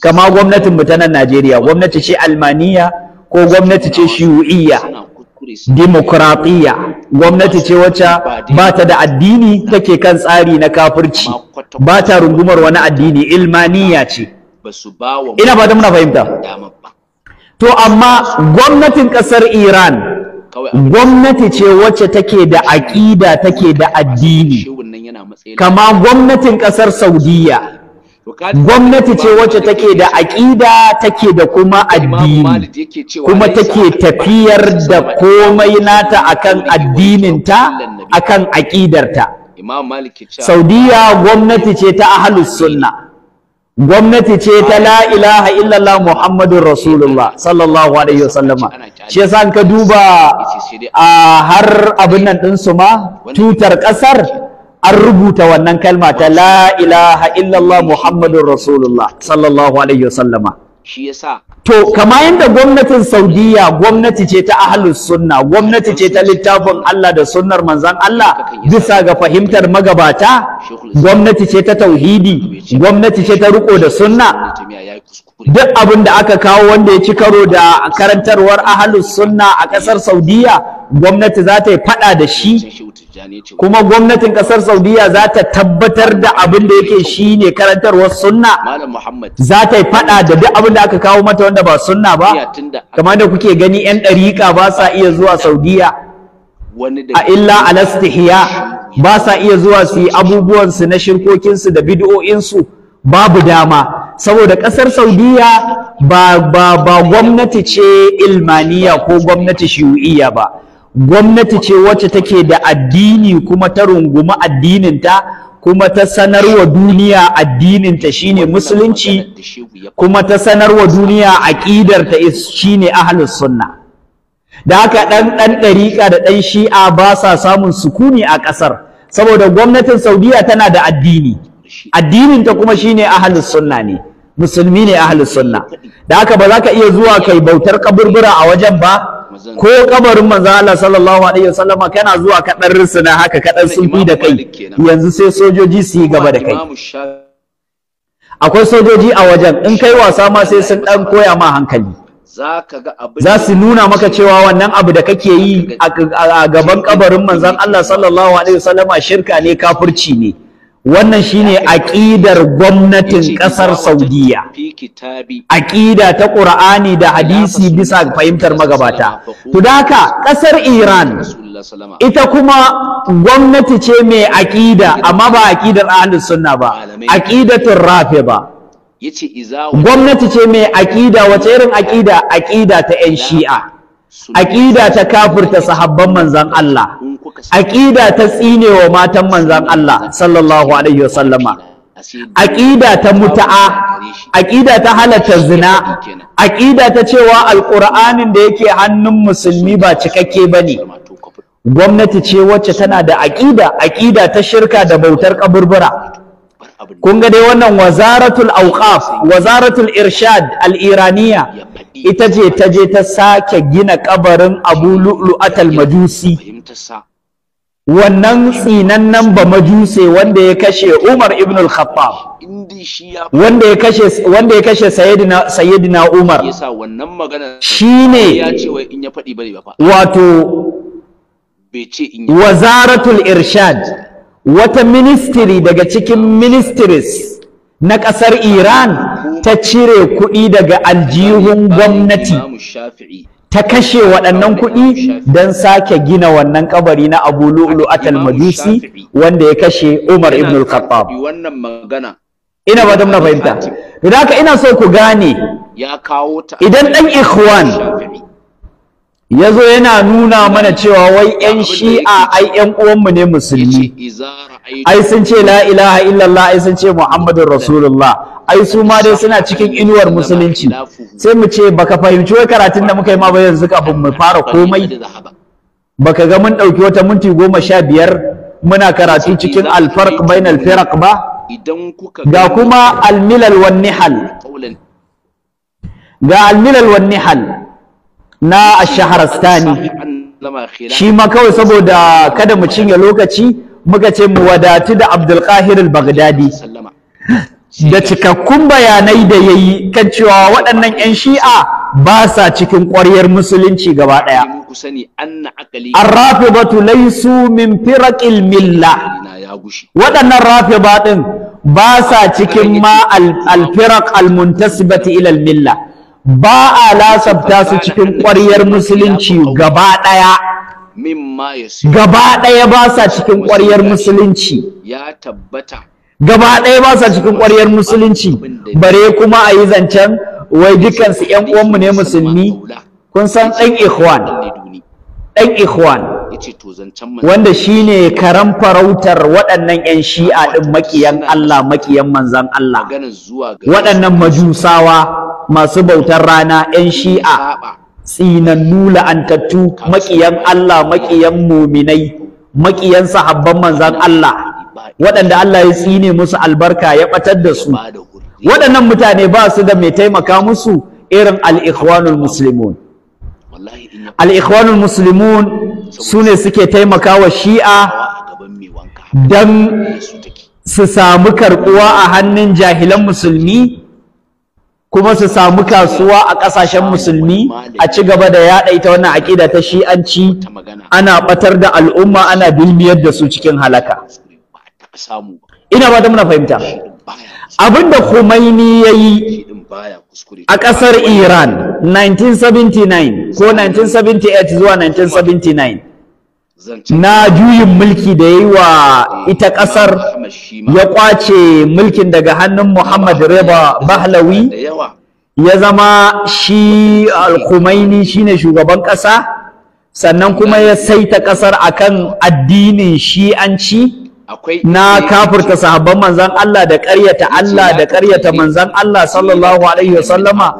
kama gwamnatin mu ta nan Najeriya gwamnati ce almaniya ko gwamnati ce shiyu'iyya demokratiya gwamnati ce wacce ba ta da addini take kan tsari na kafirci ba ta rungumar wani addini ilmaniya ce ba ina ba muna fahimta to amma gwamnatin kasar Iran gwamnati ce wacce take da aƙida take da addini kama gwamnatin kasar Saudiya gwamnati ce wacce take da aƙida take da kuma addini kuma take tafiyar da komai nata akan addininta akan aƙidarta Saudiya gwamnati ce ta ahlus sunna gwamnati ce ta la ilaha illallah muhammadun rasulullah sallallahu alaihi wasallama shi yasa ka duba a har abin nan din su ma tutar kasar an rubuta wannan kalma ta la ilaha illallah muhammadun rasulullah sallallahu alaihi wasallama shi yasa to kama yadda gwamnatin saudiya gwamnati ce ta ahlus sunna gwamnati ce ta littafin Allah da sunnar manzan Allah bisa ga fahimtar magabata gwamnati ce ta tauhidi gwamnati ce ta riko da sunna duk abin da aka kawo wanda ya ci karo da karantarwar ahlus sunna a ƙasar saudiya gwamnati za ta yi faɗa da shi kuma gwamnatin kasar saudiya za ta tabbatar da abin da yake shi ne karantarwar sunna za ta yi fada da duk abin da aka kawo mata wanda ba sunna ba kamar da kuke gani 'yan ɗariƙa ba sa iya zuwa saudiya a illa alastihiya ba sa iya zuwa su yi abubuwansu na shirkokinsu da bid'o'insu babu dama saboda ƙasar saudiya ba, gwamnati ce ilmaniya ko gwamnati shi'u'iyya ba gwamnati ce wacce take da addini kuma ta rungumi addininta kuma ta sanarwa duniya addininta shine musulunci kuma ta sanarwa duniya aqidarta shine ahlus sunna da haka dan dan dariƙa da dan shi'a ba sa samun sukuni a ƙasar saboda gwamnatin saudiya tana da addini addininta kuma shine ahlus sunna ne musulmi ne ahlus sunna da haka ba za ka iya zuwa kai bautar kaburbura a wajen ba ko kabarin manzo Allah sallallahu alaihi wasallama kana zuwa ka dan na haka ka dan sunfi da kai yanzu sai sojoji su yi gaba da kai akwai sojoji a wajen in kai wasa ma sai sun dan koya ma hankali za su nuna maka cewa wannan abu da kake yi a gaban kabarin manzon Allah sallallahu alaihi wasallama shirka ne kafirci ne wannan shine aƙidar gwamnatin ƙasar Saudiya aƙida ta Qur'ani da hadisi bisa fahimtar magabata to haka ƙasar Iran ita kuma gwamnati ce mai aƙida amma ba aƙidar ahlus sunna ba aqidatur rafi ba gwamnati ce mai aƙida wace irin aƙida aƙida ta 'yan shi'a aƙida ta kafirta sahabban manzan Allah aƙida ta tsinewa matan manzan Allah sallallahu alaihi wasallama aƙida ta muta'a aƙida ta halatta zina aƙida ta cewa alƙur'anin da yake hannun musulmi ba cikakke bane gwamnati ce wacce tana da aƙida aƙida ta shirka da bautar kaburbura kun ga dai wannan wazaratul auqaf wazaratul irshad al-iraniya ita ce ta je ta sake gina kabarin abu lu'lu'at al-majusi wannan nan ba majuse wanda ya kashe umar ibn al-khattab wanda ya kashe wanda ya kashe sayyidina sayyidina umar shine wato wazaratul irshad wata ministry daga cikin ministries na ƙasar Iran ta cire kuɗi daga aljihun gwamnati ta kashe waɗannan kuɗi don sake gina wannan kabari na Abu Lu'lu'at atal majusi wanda ya kashe Umar ibn al-Khattab ina ba na fahimta idan ka ina so ku gane idan ɗan ikhwan ya zo yana nuna mana cewa wai 'yan shi'a ai 'yan uwanmu ne musulmi ai sun ce la ilaha illallah ai sun ce muhammadun rasulullah ai su ma dai suna cikin inuwar musulunci sai mu ce baka fahimci wai karatun da muka yi ma ba yanzu kafin mu fara komai baka ga mun ɗauki wata minti goma sha biyar muna karatu cikin alfarq bain alfarq ba ga kuma almilal wan nihal ga almilal wan nihal na ash stani shi ma kawai saboda kada mu cinye lokaci muka ce mu wadatu da Abdul Qahir al-Baghdadi da cikakkun bayanai da yayi kan cewa waɗannan 'yan shi'a ba sa cikin ƙwaryar musulunci gaba ɗaya ar-rafidatu laysu min firaqil milla waɗannan rafida ɗin ba sa cikin ma al-firaq al-muntasibati ila al-milla ba a lasabta su cikin ƙwaryar musulunci gaba ɗaya gaba ɗaya ba sa cikin ƙwaryar musulunci ya tabbata gaba ɗaya ba sa cikin ƙwaryar musulunci bare kuma a yi zancen wai dukansu ƴan uwanmu ne musulmi kun san ɗan ikhwan ɗan ikhwan wanda shine karan farautar waɗannan ƴan shi'a ɗin makiyan Allah makiyan manzan Allah waɗannan majusawa masu bautar rana ƴan shi'a tsinannu la'antattu makiyan Allah makiyan muminai makiyan sahabban manzan Allah waɗanda Allah ya tsine musu albarka ya ɓatar da su waɗannan mutane ba su da mai taimaka musu irin al-ikhwanul muslimun al su ne suke taimakawa shi'a don su samu karɓuwa a hannun jahilan musulmi kuma su samu kasuwa a ƙasashen musulmi a ci gaba da yaɗa ita wannan aƙida ta shi'anci ana ɓatar da al'umma ana bilmiyar da su cikin halaka ina ba da muna fahimta abinda Khomeini ya yi a kasar Iran 1979 ko 1978 zuwa 1979 na juyin mulki da yayi wa ita kasar ya kwace mulkin daga hannun Muhammad Reba Bahlawi ya zama shi al-Khumaini shine shugaban kasa sannan kuma ya saita kasar akan addinin shi'anci na kafirta sahabban manzan Allah da ƙaryata Allah da ƙaryata manzan Allah sallallahu alaihi wasallama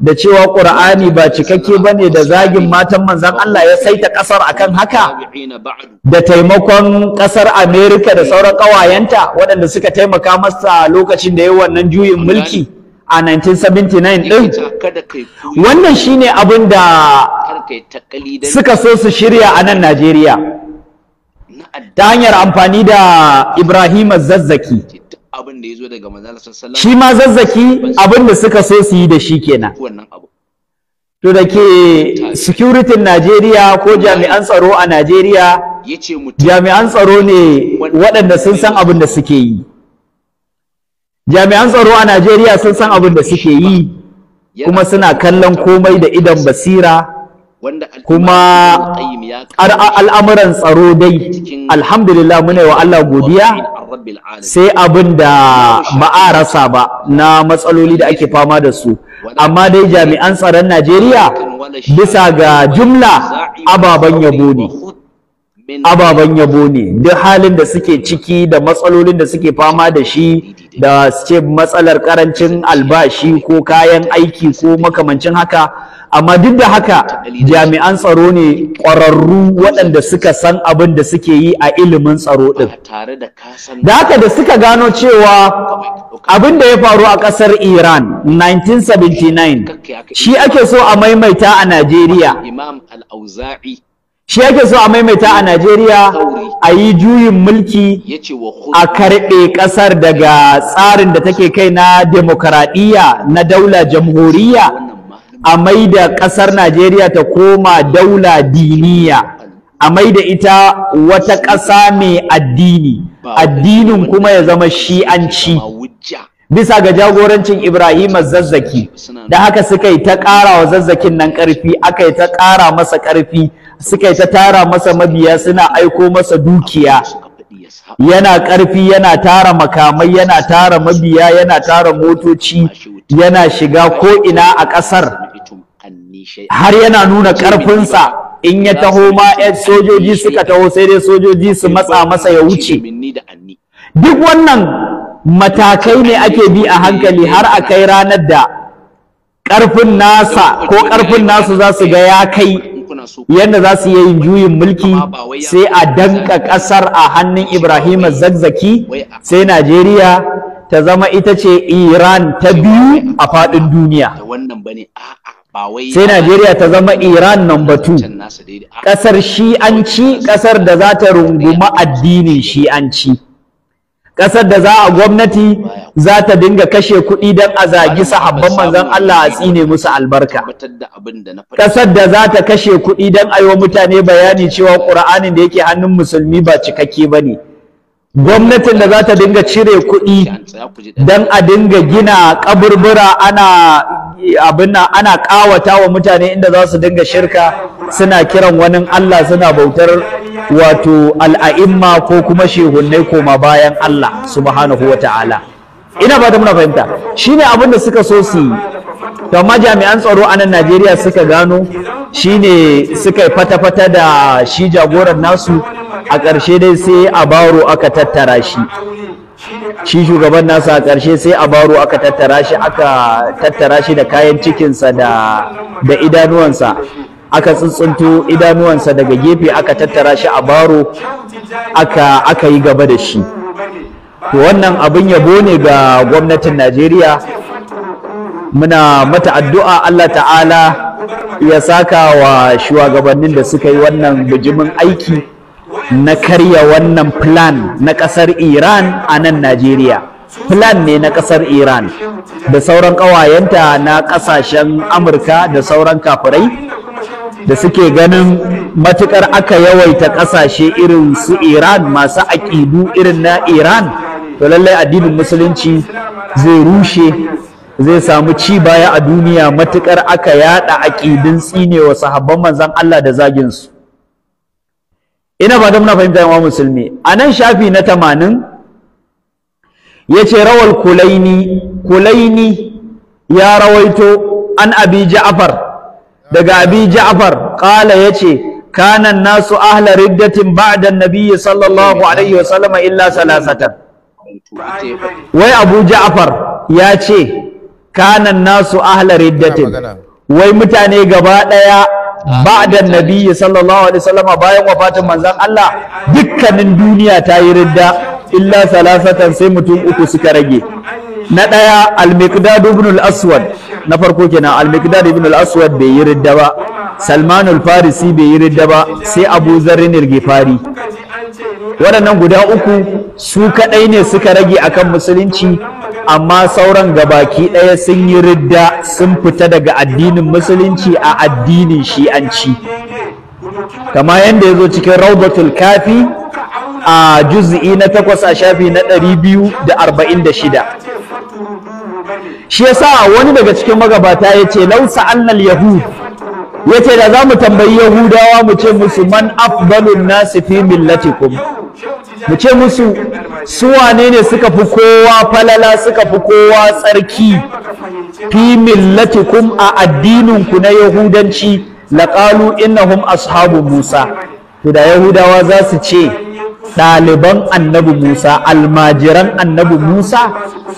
da cewa Qur'ani ba cikakke ba ne da zagin matan manzan Allah ya saita ƙasar akan haka da taimakon ƙasar Amerika da sauran ƙawayenta waɗanda suka taimaka masa lokacin da ya yi wannan juyin mulki a 1979 ɗin wannan shine abin da suka so su shirya a nan Najeriya ta hanyar amfani da Ibrahim Zazzaki shi ma Zazzaki abin da suka so su yi da shi kenan to da ke sikuritin Najeriya ko jami'an tsaro a Najeriya jami'an tsaro ne waɗanda sun san abin da suke yi jami'an tsaro a Najeriya sun san abin da suke yi kuma suna kallon komai da idan basira kuma al'amuran tsaro dai alhamdulillah muna wa Allah godiya sai abin da ma'arasa ba na matsaloli da ake fama da su amma dai jami'an tsaron Najeriya bisa ga jumla ababen yabo ne ababen yabo ne duk halin da suke ciki da matsalolin da suke fama da shi da ce matsalar karancin albashi ko kayan aiki ko makamancin haka amma duk da haka jami'an tsaro ne ƙwararru waɗanda suka san abin da suke yi a ilimin tsaro ɗin da haka da suka gano cewa abin da ya faru a ƙasar iran 1979 shi ake so a maimaita a najeriya shi yake so a maimaita a Najeriya a yi juyin mulki a karɓe ƙasar daga tsarin da take kai na demokaraɗiyya na daula jamhuriya a mai da ƙasar Najeriya ta koma daula diniya a mai da ita wata ƙasa mai addini addinin kuma ya zama shi'anci bisa ga jagorancin Ibrahim Zazzaki da haka suka yi ta ƙara wa zazzakin nan ƙarfi aka yi ta ƙara masa ƙarfi suka ta tara masa mabiya suna aiko masa dukiya yana ƙarfi yana tara makamai yana tara mabiya yana tara motoci yana shiga ko ina a ƙasar har yana nuna ƙarfinsa in ya taho ma sojoji suka taho sai dai sojoji su matsa masa ya wuce duk wannan matakai ne ake bi a hankali har a kai ranar da ƙarfin nasa ko ƙarfin nasu za su ga ya kai yadda za su yi juyin mulki sai a danka ƙasar a hannun Ibrahim Zagzaki sai Najeriya ta zama ita ce Iran ta biyu a faɗin duniya. Sai Najeriya ta zama Iran number two, ƙasar shi'anci, ƙasar da za ta runguma addinin shi'anci. kasar da za a gwamnati za ta dinga kashe kuɗi don a zagi sahabban manzon Allah a tsine musu albarka ƙasar da za ta kashe kuɗi don a yi wa mutane bayani cewa ƙur'anin da yake hannun musulmi ba cikakke ba ne gwamnatin da za ta dinga cire kuɗi don a dinga gina kaburbura ana abin ana ƙawata wa mutane inda za su dinga shirka suna kiran wani Allah suna bautar wato al'a'imma ko kuma shehunnai koma bayan Allah subhanahu wa ta'ala ina ba ta muna fahimta Shi ne abin da suka so su yi to amma jami'an tsaro a nan Najeriya suka gano shi ne suka yi fata-fata da shi jagoran nasu a ƙarshe dai sai a baro aka tattara shi shi shugaban nasu a ƙarshe sai a baro aka tattara shi aka tattara shi da kayan cikinsa da da idanuwansa aka tsuntsunto idanuwansa daga gefe aka tattara shi a baro aka aka yi gaba da shi to wannan abin yabo ne ga gwamnatin Najeriya muna mata addu'a Allah ta'ala ya saka wa shugabannin da suka yi wannan bijimin aiki na karya wannan plan na kasar Iran a nan Najeriya plan ne na kasar Iran da sauran kawayenta na kasashen Amurka da sauran kafirai da suke ganin matukar aka yawaita ƙasashe irin su Iran masu aƙidu irin na Iran to lallai addinin musulunci zai rushe zai samu ci baya a duniya matukar aka yada aƙidin tsinewa sahabban manzon Allah da zagin su ina ba da muna fahimta yawa musulmi a nan shafi na tamanin yace ce rawar kulaini kulaini ya rawaito an abi ja'far daga abi ja'far qala yace kana nasu ahla riddatin ba'da nabiyyi sallallahu alaihi wasallam illa salasatan wai abu ja'far ya ce kana nasu ahla riddatin wai mutane gaba daya ba'da nabiyyi sallallahu alaihi wasallam bayan wafatin manzon Allah dukkanin duniya ta yi ridda illa salasatan sai mutum uku suka rage na ɗaya al-miqdad ibn al-aswad na farko kenan al-miqdad ibn al-aswad bai yi ridda ba salman al-farisi bai yi ridda ba sai abu zarrin al gifari waɗannan guda uku su kaɗai ne suka rage akan musulunci amma sauran gabaki ɗaya sun yi ridda sun fita daga addinin musulunci a addinin shi'anci kama yadda ya zo cikin raudatul kafi a juz'i na takwas a shafi na ɗari biyu da arba'in da shida shi yasa wani daga cikin magabata ya ce lausa annal yahud ya ce da za mu tambayi yahudawa mu ce musu man afdalun nasi fi millatikum mu ce musu su wane ne suka fi kowa falala suka fi kowa tsarki fi millatikum a ku na yahudanci laƙalu innahum ashabu musa to da yahudawa za su ce ɗaliban annabi Musa almajiran annabi Musa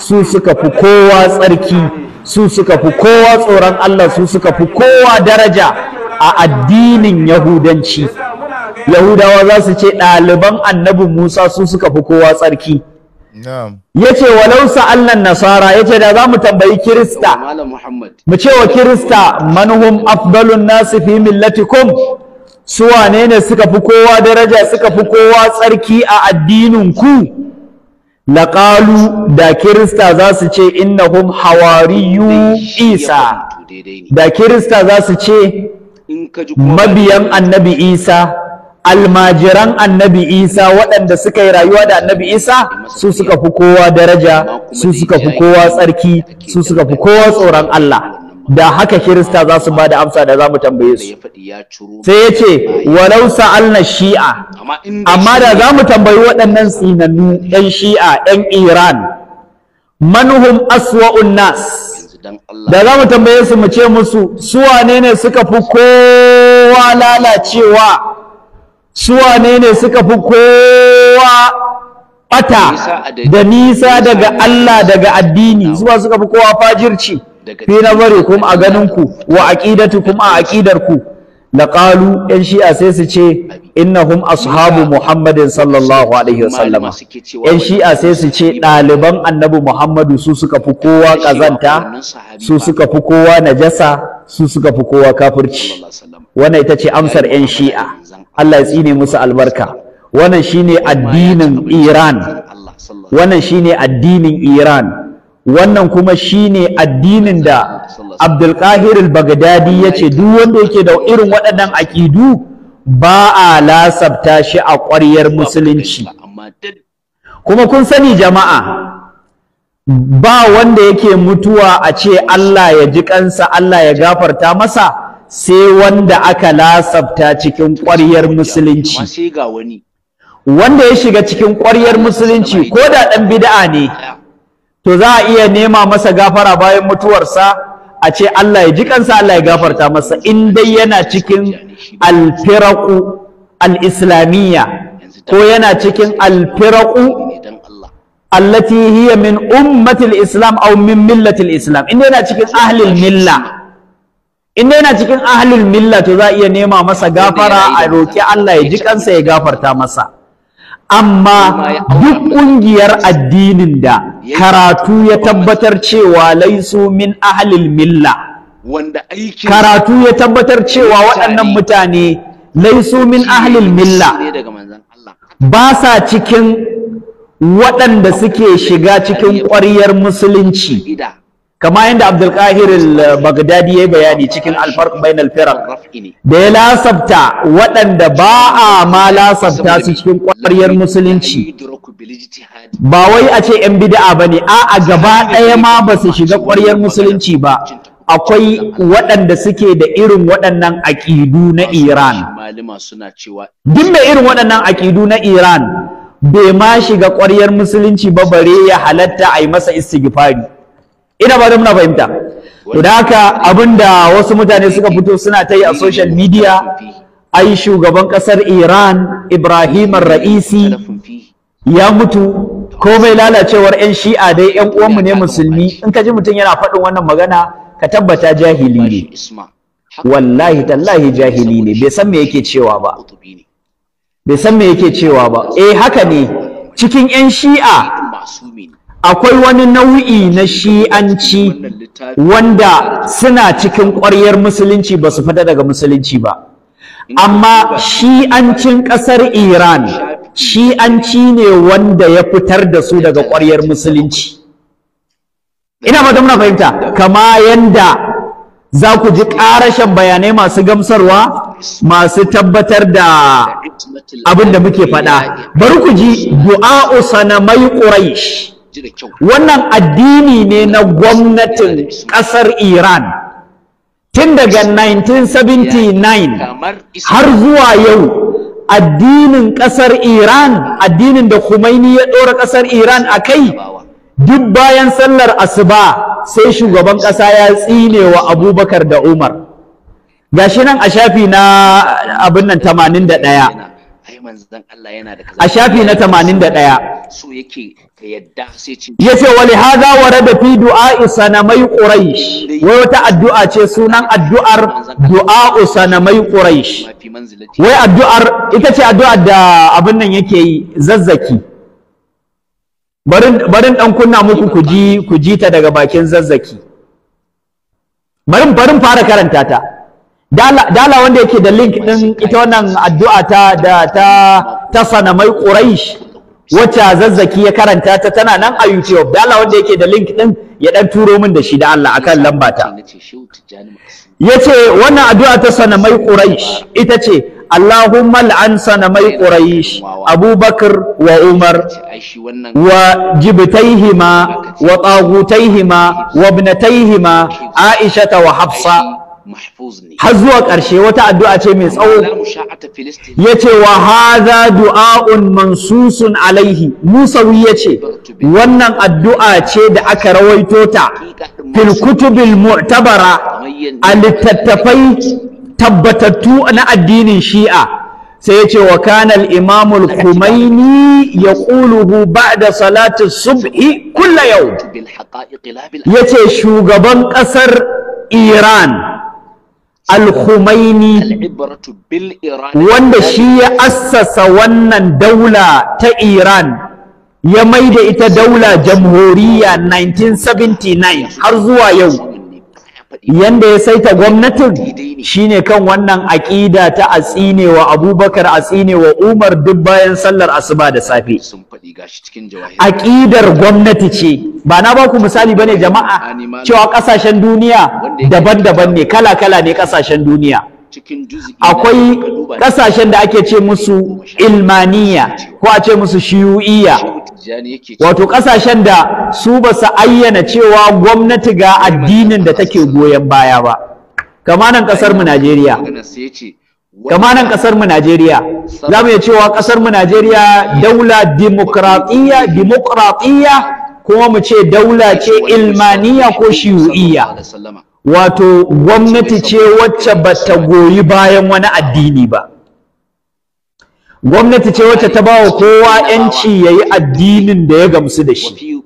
su suka fi kowa tsarki su suka fi kowa tsoron Allah su suka fi kowa daraja a addinin yahudanci yahudawa za su ce ɗaliban annabi Musa su suka fi kowa tsarki ya ce walau sa'allan nasara ya ce da za mu tambayi kirista mu ce wa kirista manhum afdalun nasi fi millatikum su wane ne suka fi kowa daraja suka fi kowa tsarki a addinin ku da kirista za su ce innahum hawariyu isa da kirista za su ce mabiyan annabi isa almajiran annabi isa waɗanda suka yi rayuwa da annabi isa su suka fi kowa daraja su suka fi kowa tsarki su suka fi kowa tsoron allah da haka kirista za su ba da amsa da za mu tambaye su sai ya ce walau sa'alna shi'a amma da za mu tambayi waɗannan sinannu ɗan shi'a ɗan iran Manuhun aswa'un nas da za mu tambaye su mu ce musu su wane ne suka fi kowa lalacewa su wane ne suka fi kowa bata da nisa daga Allah daga addini zuwa suka fi kowa fajirci fi kuma a ganinku wa kuma a aqidarku laqalu yan shi'a sai su ce innahum ashabu muhammadin sallallahu alaihi wasallam yan shi'a sai su ce ɗaliban annabi muhammadu su suka fi kowa kazanta su suka fi kowa najasa su suka fi kowa kafirci wannan ita ce amsar yan shi'a Allah ya tsine musu albarka wannan shine addinin Iran wannan shine addinin Iran wannan kuma shine addinin da Abdul Qahir al-Baghdadi yace duk wanda yake da irin waɗannan aƙidu ba a lasabta shi a ƙwaryar musulunci kuma kun sani jama'a ba wanda yake mutuwa a ce Allah ya ji kansa Allah ya gafarta masa sai wanda aka lasabta cikin ƙwaryar musulunci wanda ya shiga cikin ƙwaryar musulunci ko da ɗan bid'a ne to za a iya nema masa gafara bayan mutuwarsa a ce Allah ya ji kansa Allah ya gafarta masa in dai yana cikin alfiraku al-islamiyya ko yana cikin alfiraku allati hiya min al islam aw min millatil islam in dai yana cikin ahlul milla in dai yana cikin ahlul milla to za a iya nema masa gafara a roƙi Allah ya ji kansa ya gafarta masa amma duk ƙungiyar addinin da karatu ya tabbatar cewa laisu min ahlil milla karatu ya tabbatar cewa waɗannan mutane laisu min ahlil milla ba sa cikin waɗanda suke shiga cikin ƙwaryar musulunci kama yadda abdulkahir bagdadi ya yi bayani cikin bain al firaq da ya lasafta waɗanda ba a ma lasafta su cikin ƙwariyar musulunci ba wai a ce 'yan bid'a ba ne a gaba ɗaya ma ba su shiga ƙwariyar musulunci ba akwai waɗanda suke da irin waɗannan aƙidu na Iran. Duk da irin waɗannan aƙidu na Iran bai ma shiga ƙwaryar musulunci ba bare ya halatta a yi masa istighfari. ina ba da muna fahimta to da haka abinda wasu mutane suka fito suna ta yi a social media ai shugaban kasar Iran Ibrahim Ra'isi ya mutu ko komai lalacewar 'yan shi'a dai 'yan uwanmu ne musulmi in ka ji mutum yana faɗin wannan magana ka tabbata jahili ne wallahi tallahi jahili ne bai san me yake cewa ba bai san me yake cewa ba eh haka ne cikin 'yan shi'a akwai wani nau'i na shi'anci wanda suna cikin ƙwaryar musulunci ba su fita daga musulunci ba amma shi'ancin ƙasar iran shi'anci ne wanda ya fitar da su daga ƙwaryar musulunci ina fata muna fahimta kama yanda za ku ji ƙarashen bayanai masu gamsarwa masu tabbatar da abin da muke faɗa bari ku ji du'a'u sanamai quraish wannan addini ne na gwamnatin ƙasar iran tun daga 1979 har zuwa yau addinin ƙasar iran addinin da Khomeini ya ɗora ƙasar iran a kai duk bayan sallar asuba sai shugaban ƙasa ya tsine wa abubakar da umar gashi nan a shafi na abin nan 81 Allah yana da kaza a shafi na 81 so yake ka yadda sai ce yace wali hadha warada fi du'a'i sanamai quraish wai wata addu'a ce sunan addu'ar du'a'u sanamai quraish wai addu'ar ita ce addu'a da abin nan yake yi zazzaki barin barin dan kunna muku kuji kujita daga bakin zazzaki barin barin fara karanta ta dala wanda yake da link din ita wannan addu'a ta da ta ta mai quraish wacce zazzaki ya karanta ta tana nan a youtube dala wanda yake da link din ya dan turo min da shi da Allah akan Ya yace wannan addu'a ta sanamai quraish ita ce Allahumma al'an mai quraish Abubakar wa Umar wa jibtaihima wa tagutaihima wa ibnataihima Aisha wa Hafsa har zuwa ƙarshe wata addu'a ce mai tsawo ya ce wa haza du'a'un mansusun alaihi musawi ya ce wannan addu'a ce da aka rawaito ta fil kutubil mu'tabara a littattafai tabbatattu na addinin shi'a sai ya ce wa kanal imamul kumaini ya ƙuluhu ba da salatin subhi kulla yau ya ce shugaban ƙasar iran al-Khumaini wanda shi ya assasa wannan daula ta Iran ya maida ita daula jamhuriya 1979 har zuwa yau yanda ya saita gwamnatin shine kan wannan aƙida ta a tsinewa abubakar a tsinewa umar duk bayan sallar asuba da safe aƙidar gwamnati ce ba na ba ku misali bane jama'a cewa ƙasashen duniya daban-daban ne kala-kala ne ƙasashen duniya akwai ƙasashen da ake ce musu ilmaniya ko a ce musu shiyu'iyya wato ƙasashen da su ba su ayyana cewa gwamnati ga addinin da take goyon baya ba kama nan mu Najeriya kama nan mu Najeriya za mu iya cewa ƙasarmu mu Najeriya daula demokratiya demokratiya kuma mu ce daula ce ilmaniya ko shiyu'iyya wato gwamnati ce wacce ba ta goyi bayan wani addini ba gwamnati ce wacce ta bawa kowa yanci ya yi addinin da ya gamsu da shi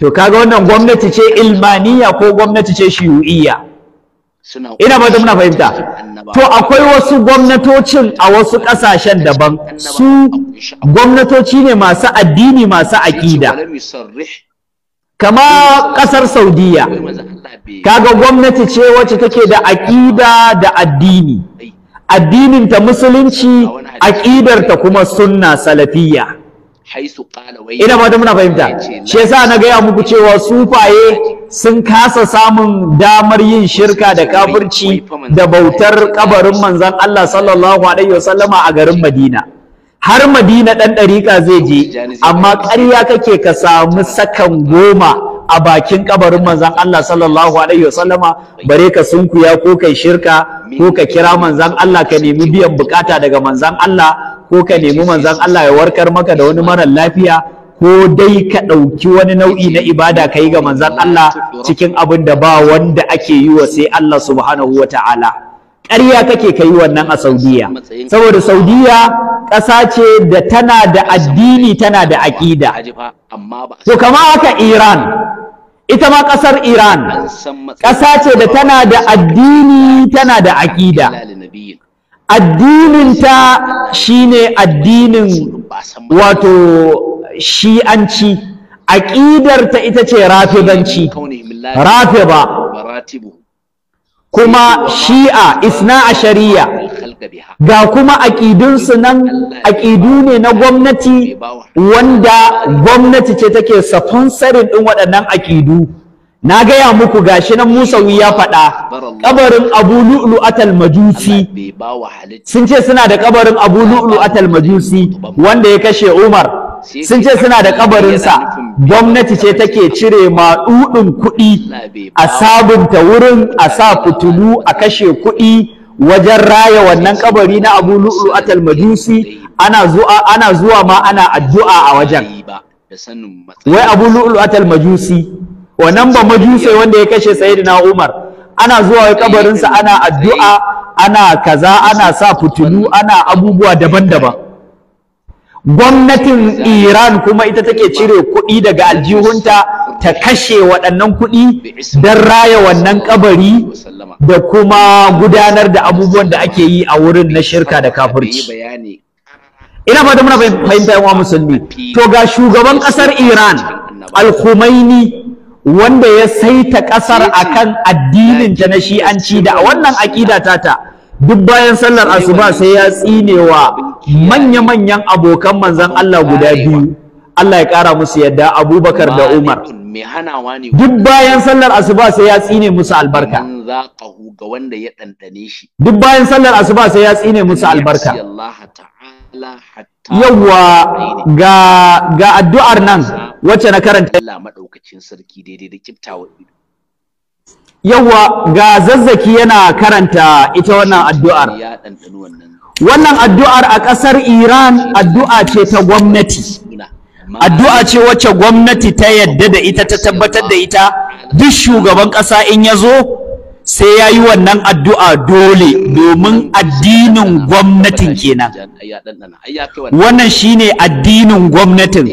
to kaga wannan gwamnati ce ilmaniya ko gwamnati ce shiyu'iyya ina ba muna fahimta to akwai wasu gwamnatocin a wasu ƙasashen daban su gwamnatoci ne masu addini masu aƙida kama ƙasar saudiya kaga gwamnati ce wacce take da aƙida da addini addinin ta musulunci aqidar ta kuma sunna salafiyya ina ba muna fahimta shi yasa na gaya muku cewa sufaye sun kasa samun damar yin shirka da kafirci da bautar kabarin manzon Allah sallallahu alaihi wasallama a garin Madina har madina ɗan ɗariƙa zai je amma ƙarya kake ka samu sakan goma a bakin kabarin manzan Allah sallallahu alaihi wasallama bare ka sunkuya ko kai shirka ko ka kira manzan Allah ka nemi biyan bukata daga manzan Allah ko ka nemi manzan Allah ya warkar maka da wani marar lafiya ko dai ka ɗauki wani nau'i na ibada ka yi ga manzan Allah cikin abin da ba wanda ake yi wa sai Allah subhanahu wa ƙarya kake kai wannan a saudiya saboda saudiya ƙasa ce da tana da addini tana da aƙida to kama haka iran ita ma ƙasar iran ƙasa ce da tana da addini tana da aƙida addininta shine addinin wato shi'anci aƙidarta ita ce rafibanci rafiba kuma shi'a isna a shari'a. ga kuma aƙidunsu nan aƙidu ne na gwamnati wanda gwamnati ce take sponsorin ɗin waɗannan aƙidu na gaya muku gashi nan musawi ya faɗa kabarin abu lu'lu atal majusi sun ce suna da kabarin abu lu'lu atal majusi wanda ya kashe umar sun ce suna da ƙabarinsa. gwamnati ce take cire maɗuɗin kuɗi a sabunta wurin a sa fitilu a kashe kuɗi wajen raya wannan kabari na abu lu'lu'atal majusi ana zuwa ana zuwa ma ana addu'a a wajen wai abu Atal majusi wannan ba majusai wanda ya kashe sayyidina umar ana zuwa wai kabarinsa ana addu'a ana kaza ana sa fitilu ana abubuwa daban-daban gwamnatin Iran kuma ita take cire kuɗi daga aljihunta ta kashe waɗannan kuɗi don raya wannan kabari da kuma gudanar da abubuwan da ake yi a wurin na shirka da kafirci ina fata muna fahimta yan musulmi to ga shugaban ƙasar Iran alhumaini wanda ya saita ƙasar akan addinin ta na shi'anci da wannan aƙida tata duk bayan sallar asuba sai ya tsinewa manya-manyan abokan manzon Allah guda biyu Allah ya kara musu yadda Abubakar da Umar duk bayan sallar asuba sai ya tsine musu albarka duk bayan sallar asuba sai ya tsine musu albarka yawwa ga addu'ar nan wacce na karanta Allah madaukakin sarki daidai da yawa ga zazzaki yana karanta ita wannan addu'ar wannan addu'ar a ƙasar Iran addu'a ce ta gwamnati addu'a ce wacce gwamnati ta yadda da ita ta tabbatar da ita duk shugaban ƙasa in ya zo sai ya yi wannan addu'a dole domin addinin gwamnatin kenan wannan shine addinin gwamnatin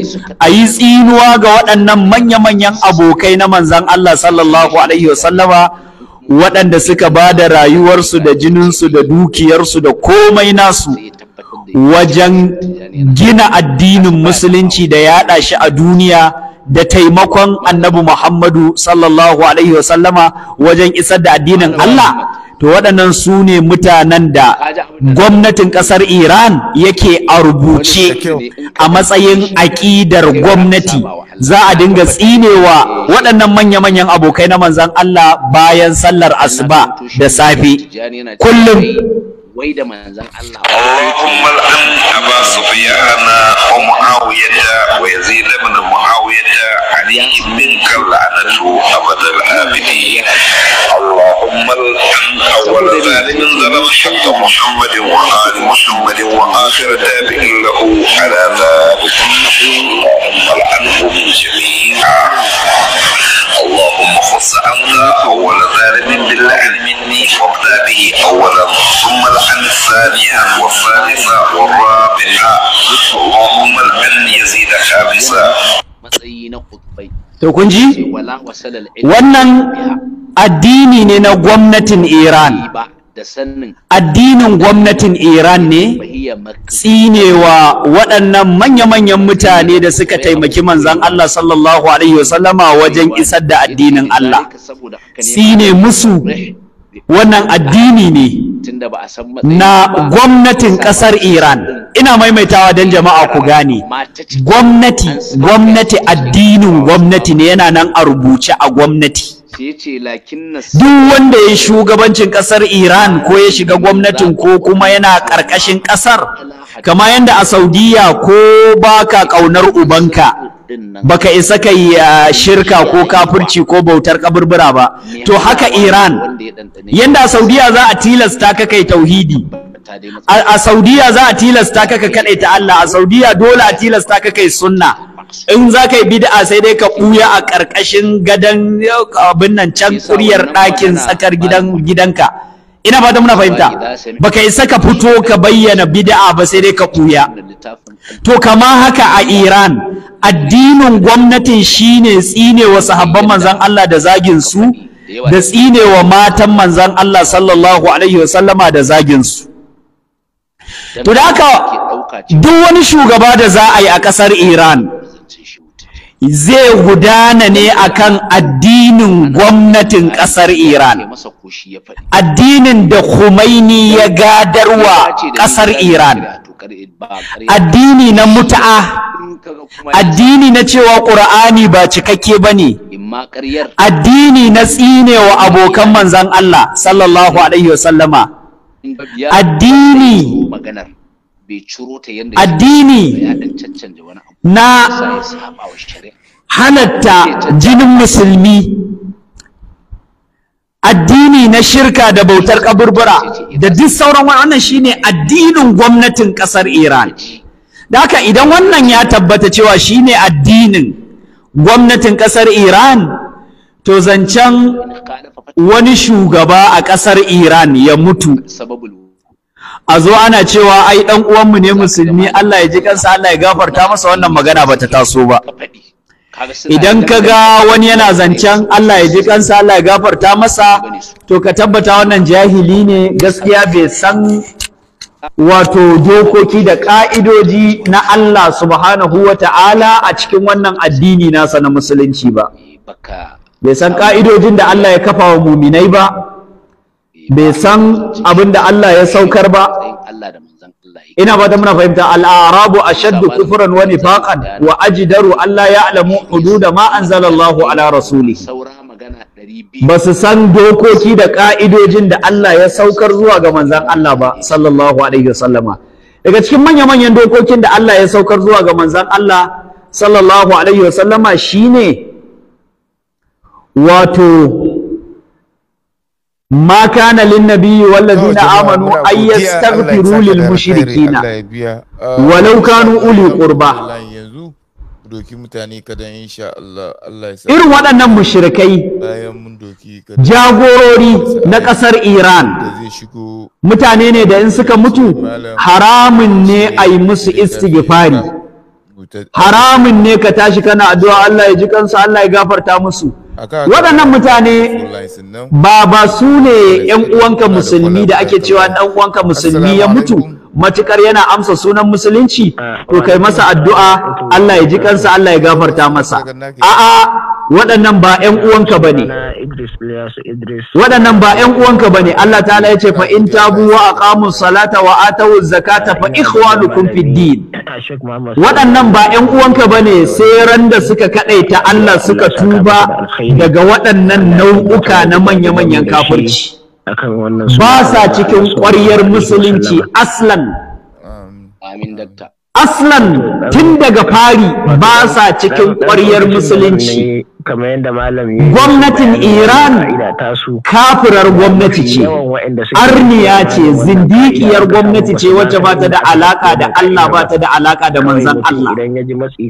a yi tsinuwa ga waɗannan manya-manyan abokai na manzan Allah sallallahu alaihi wasallama waɗanda suka ba da rayuwarsu da jininsu da dukiyarsu da komai nasu wajen gina addinin musulunci da yaɗa shi a duniya da taimakon annabi Muhammadu sallallahu alaihi wasallama wajen isar da addinin Allah to waɗannan su ne mutanen da gwamnatin ƙasar Iran yake a rubuce a matsayin aƙidar gwamnati za a dinga tsinewa waɗannan manya-manyan abokai na manzan Allah bayan sallar asuba da safe kullum wai da manzon Allah Allahumma al'an Aba Sufyana wa Muawiyah wa Yazid ibn Muawiyah Ali ibn Kal'anatu abadal abidin اللهم الحمد أول ظالم ظلم حق محمد وآل محمد وآخر تابع له على ذلك اللهم الحمد جميعا اللهم خص أمنا أول ظالم باللعن مني وابدا به أولا ثم العنهم الثانية والثالثة والرابعة اللهم المن يزيد خامسا To kun ji? Wannan addini ne na gwamnatin Iran. Addinin gwamnatin Iran ne tsinewa waɗannan manya-manyan mutane da suka taimaki manzan Allah sallallahu Alaihi wasallama wajen isar da addinin Allah. Tsine musu wannan addini ne na gwamnatin ƙasar Iran ina maimaitawa don jama'a ku gane gwamnati gwamnati addinin gwamnati ne yana nan a rubuce a gwamnati duk wanda ya shugabancin ƙasar Iran ko ya shiga gwamnatin ko kuma yana ƙarƙashin ƙasar kama yadda a Saudiya ko baka ƙaunar ubanka baka isa ah, ka yi shirka ko kafirci ko bautar kaburbura ba to haka Iran yanda a Saudiya za a tilasta ka kai tauhidi a Saudiya za a tilasta ka ka ta Allah a Saudiya dole a tilasta ka kai sunna in za ka yi bid'a sai dai ka ɓuya a ƙarƙashin gadon abin nan can kuryar ɗakin tsakar gidanka ina fata muna fahimta baka isa ka fito ka bayyana bid'a ba sai dai ka ɓuya to kama haka a Iran addinin gwamnatin shine tsinewa sahabban manzon Allah da zagin su da tsinewa matan manzon Allah sallallahu alaihi wasallama da zagin su to da haka duk wani shugaba da za a yi a ƙasar Iran zai gudana ne akan addinin gwamnatin ƙasar Iran addinin da Khomeini ya gadarwa ƙasar Iran addini na muta'a addini na cewa ƙur'ani ba cikakke ba ne addini na tsinewa abokan manzan Allah sallallahu alaihi wasallama addini bai addini na halatta jinin musulmi addini na shirka da bautar kaburbura da duk sauran wannan shine addinin gwamnatin kasar Iran da haka idan wannan ya tabbata cewa shine addinin gwamnatin kasar Iran to zancen wani shugaba a kasar Iran ya mutu a zo ana cewa ai dan uwanmu ne musulmi Allah ya ji kansa Allah ya gafarta masa wannan magana bata taso ba idan ka ga wani yana zancen Allah ya ji kansa Allah ya gafarta masa to ka tabbata wannan jahili ne gaskiya bai san wato dokoki da ka'idoji na Allah subhanahu wa ta'ala a cikin wannan addini nasa na musulunci ba bai san ka'idojin da Allah ya kafa wa muminai ba bai san abin da Allah ya saukar ba ina ba ta muna fahimta al'arabu ashaddu kufran wa nifaqan wa ajdaru Allah ya'lamu hududa ma anzalallahu ala rasuli ba su san dokoki da ka'idojin da Allah ya saukar zuwa ga manzan Allah ba sallallahu alaihi wasallama daga cikin manya-manyan dokokin da Allah ya saukar zuwa ga manzan Allah sallallahu alaihi wasallama shine wato ma kana lin nabiyyi wallazina amanu ay yastaghfiru lil mushrikina walau kanu uli qurba irin waɗannan mushrikai jagorori na ƙasar Iran mutane ne da in suka mutu haramun ne a yi musu istighfari haramun ne ka tashi kana addu'a Allah ya ji kansu Allah ya gafarta musu waɗannan mutane ba ba su ne ‘yan uwanka musulmi da ake cewa ɗan uwanka musulmi ya mutu matukar yana amsa sunan musulunci ah, to kai masa addu'a Allah ya ji kansa Allah ya gafarta masa a'a waɗannan ba 'yan uwanka ne waɗannan ba 'yan uwanka ne Allah ta'ala ya ce fa in tabu wa aqamu salata wa atawu zakata fa ikhwanukum fid din waɗannan ba 'yan uwanka ne, sai ran da suka kadaita Allah suka tuba daga waɗannan nau'uka na manya-manyan kafirci ba sa cikin ƙwaryar musulunci aslan aslan tun daga fari ba sa cikin ƙwaryar musulunci kamar yadda malam yi gwamnatin Iran kafirar gwamnati ce arniya ce zindikiyar gwamnati ce wacce ba ta da alaka da Allah ba ta da alaka da manzan Allah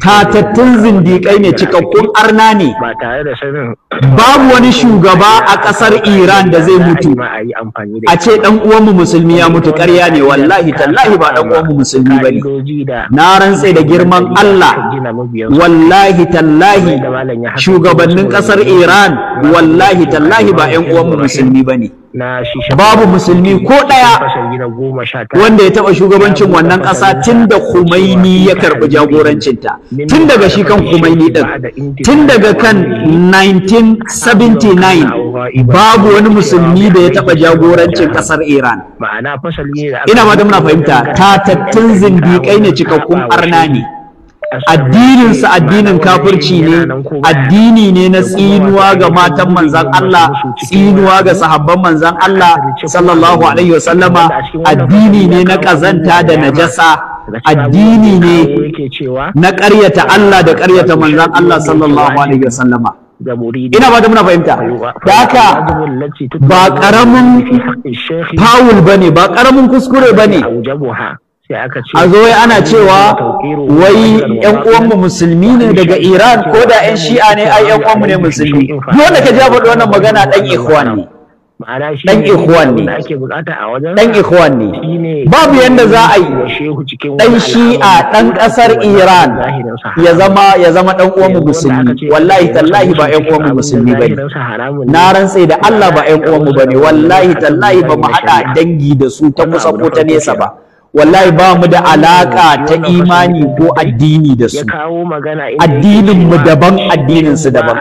tatattun zindikai ne cikakkun arna ne babu wani shugaba a ƙasar Iran da zai mutu a ce dan uwanmu musulmi ya mutu karya ne wallahi tallahi ba dan uwanmu musulmi bane na rantse da girman Allah wallahi tallahi shugaba shugabannin ƙasar Iran wallahi tallahi ba 'yan uwanmu musulmi ba ne. Babu musulmi ko ɗaya wanda ya taba shugabancin wannan ƙasa tun da Khomeini ya karɓi jagorancinta, tun daga shi kan Khomeini din tun daga kan 1979 babu wani musulmi da ya taɓa jagorancin ƙasar Iran. Ina ma da muna fahimta, tatattun zindiƙai ne cikakkun arna ne. addininsa addinin kafirci ne addini ne na tsinuwa ga matan manzan Allah tsinuwa ga sahabban manzan Allah sallallahu alaihi wasallama addini ne na kazanta da najasa addini ne na ƙaryata Allah da ƙaryata manzan Allah sallallahu alaihi wasallama ina ba da muna fahimta da haka ba ƙaramin fawul bane ba ƙaramin kuskure bane a zo ana cewa wai yan uwanmu musulmi ne daga Iran ko da yan shi'a ne ai yan uwanmu ne musulmi dole ka ja faɗi wannan magana ɗan ikhwan ne ɗan ikhwan ne ɗan ikhwan ne babu yanda za a yi ɗan shi'a ɗan ƙasar Iran ya zama ya zama ɗan uwanmu musulmi wallahi tallahi ba yan uwanmu musulmi bane na rantse da Allah ba yan uwanmu bane wallahi tallahi ba mu haɗa dangi da su ta kusa ko ta nesa ba wallahi ba mu da alaka ta imani ko addini da su addinin mu daban eh, addinin su daban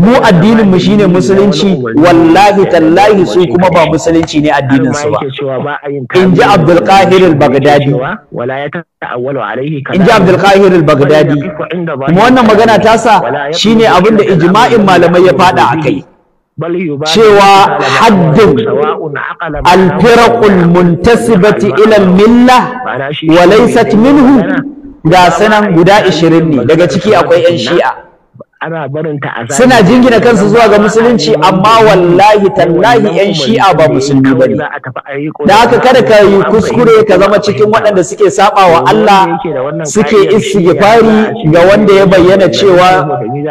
mu addinin mu shine musulunci wallahi tallahi su kuma ba musulunci ne addinin su ba in ji abdul qahir al baghdadi in ji abdul qahir al baghdadi kuma wannan magana ta sa shine abinda ijma'in malamai ya fada akai cewa haddin alfirakul muntasibati ilal milla walaisat minhu ga sanan guda ashirin ne daga ciki akwai yan shi'a ana barin ta a suna jingina kansu zuwa ga musulunci amma wallahi tallahi yan shi'a ba musulmi ba ne da haka kada ka yi kuskure ka zama cikin waɗanda suke saba wa Allah suke istighfari ga wanda ya bayyana cewa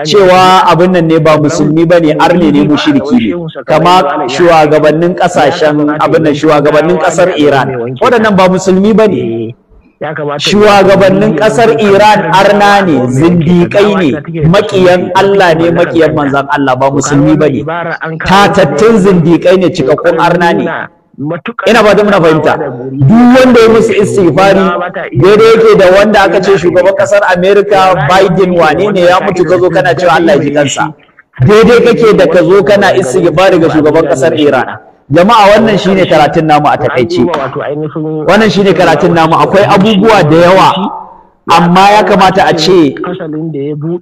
cewa abin nan ne ba musulmi ba ne arne ne mushriki ne kama shugabannin kasashen abin nan shugabannin kasar Iran waɗannan ba musulmi ba ne shugabannin ƙasar Iran arna ne zindiƙai ne makiyan Allah ne makiyan manzan Allah ba musulmi ba ne tatattun zindiƙai ne cikakkun arna ne ina ba muna fahimta duk wanda ya musu istighfari daidai yake da wanda aka ce shugaban kasar Amerika, Biden wane ne ya mutu ka zo kana cewa Allah ya ji kansa daidai kake da ka zo kana istighfari ga shugaban ƙasar Iran jama'a wannan shine karatun namu a takaice wannan shine karatun namu akwai abubuwa da yawa amma ya kamata a ce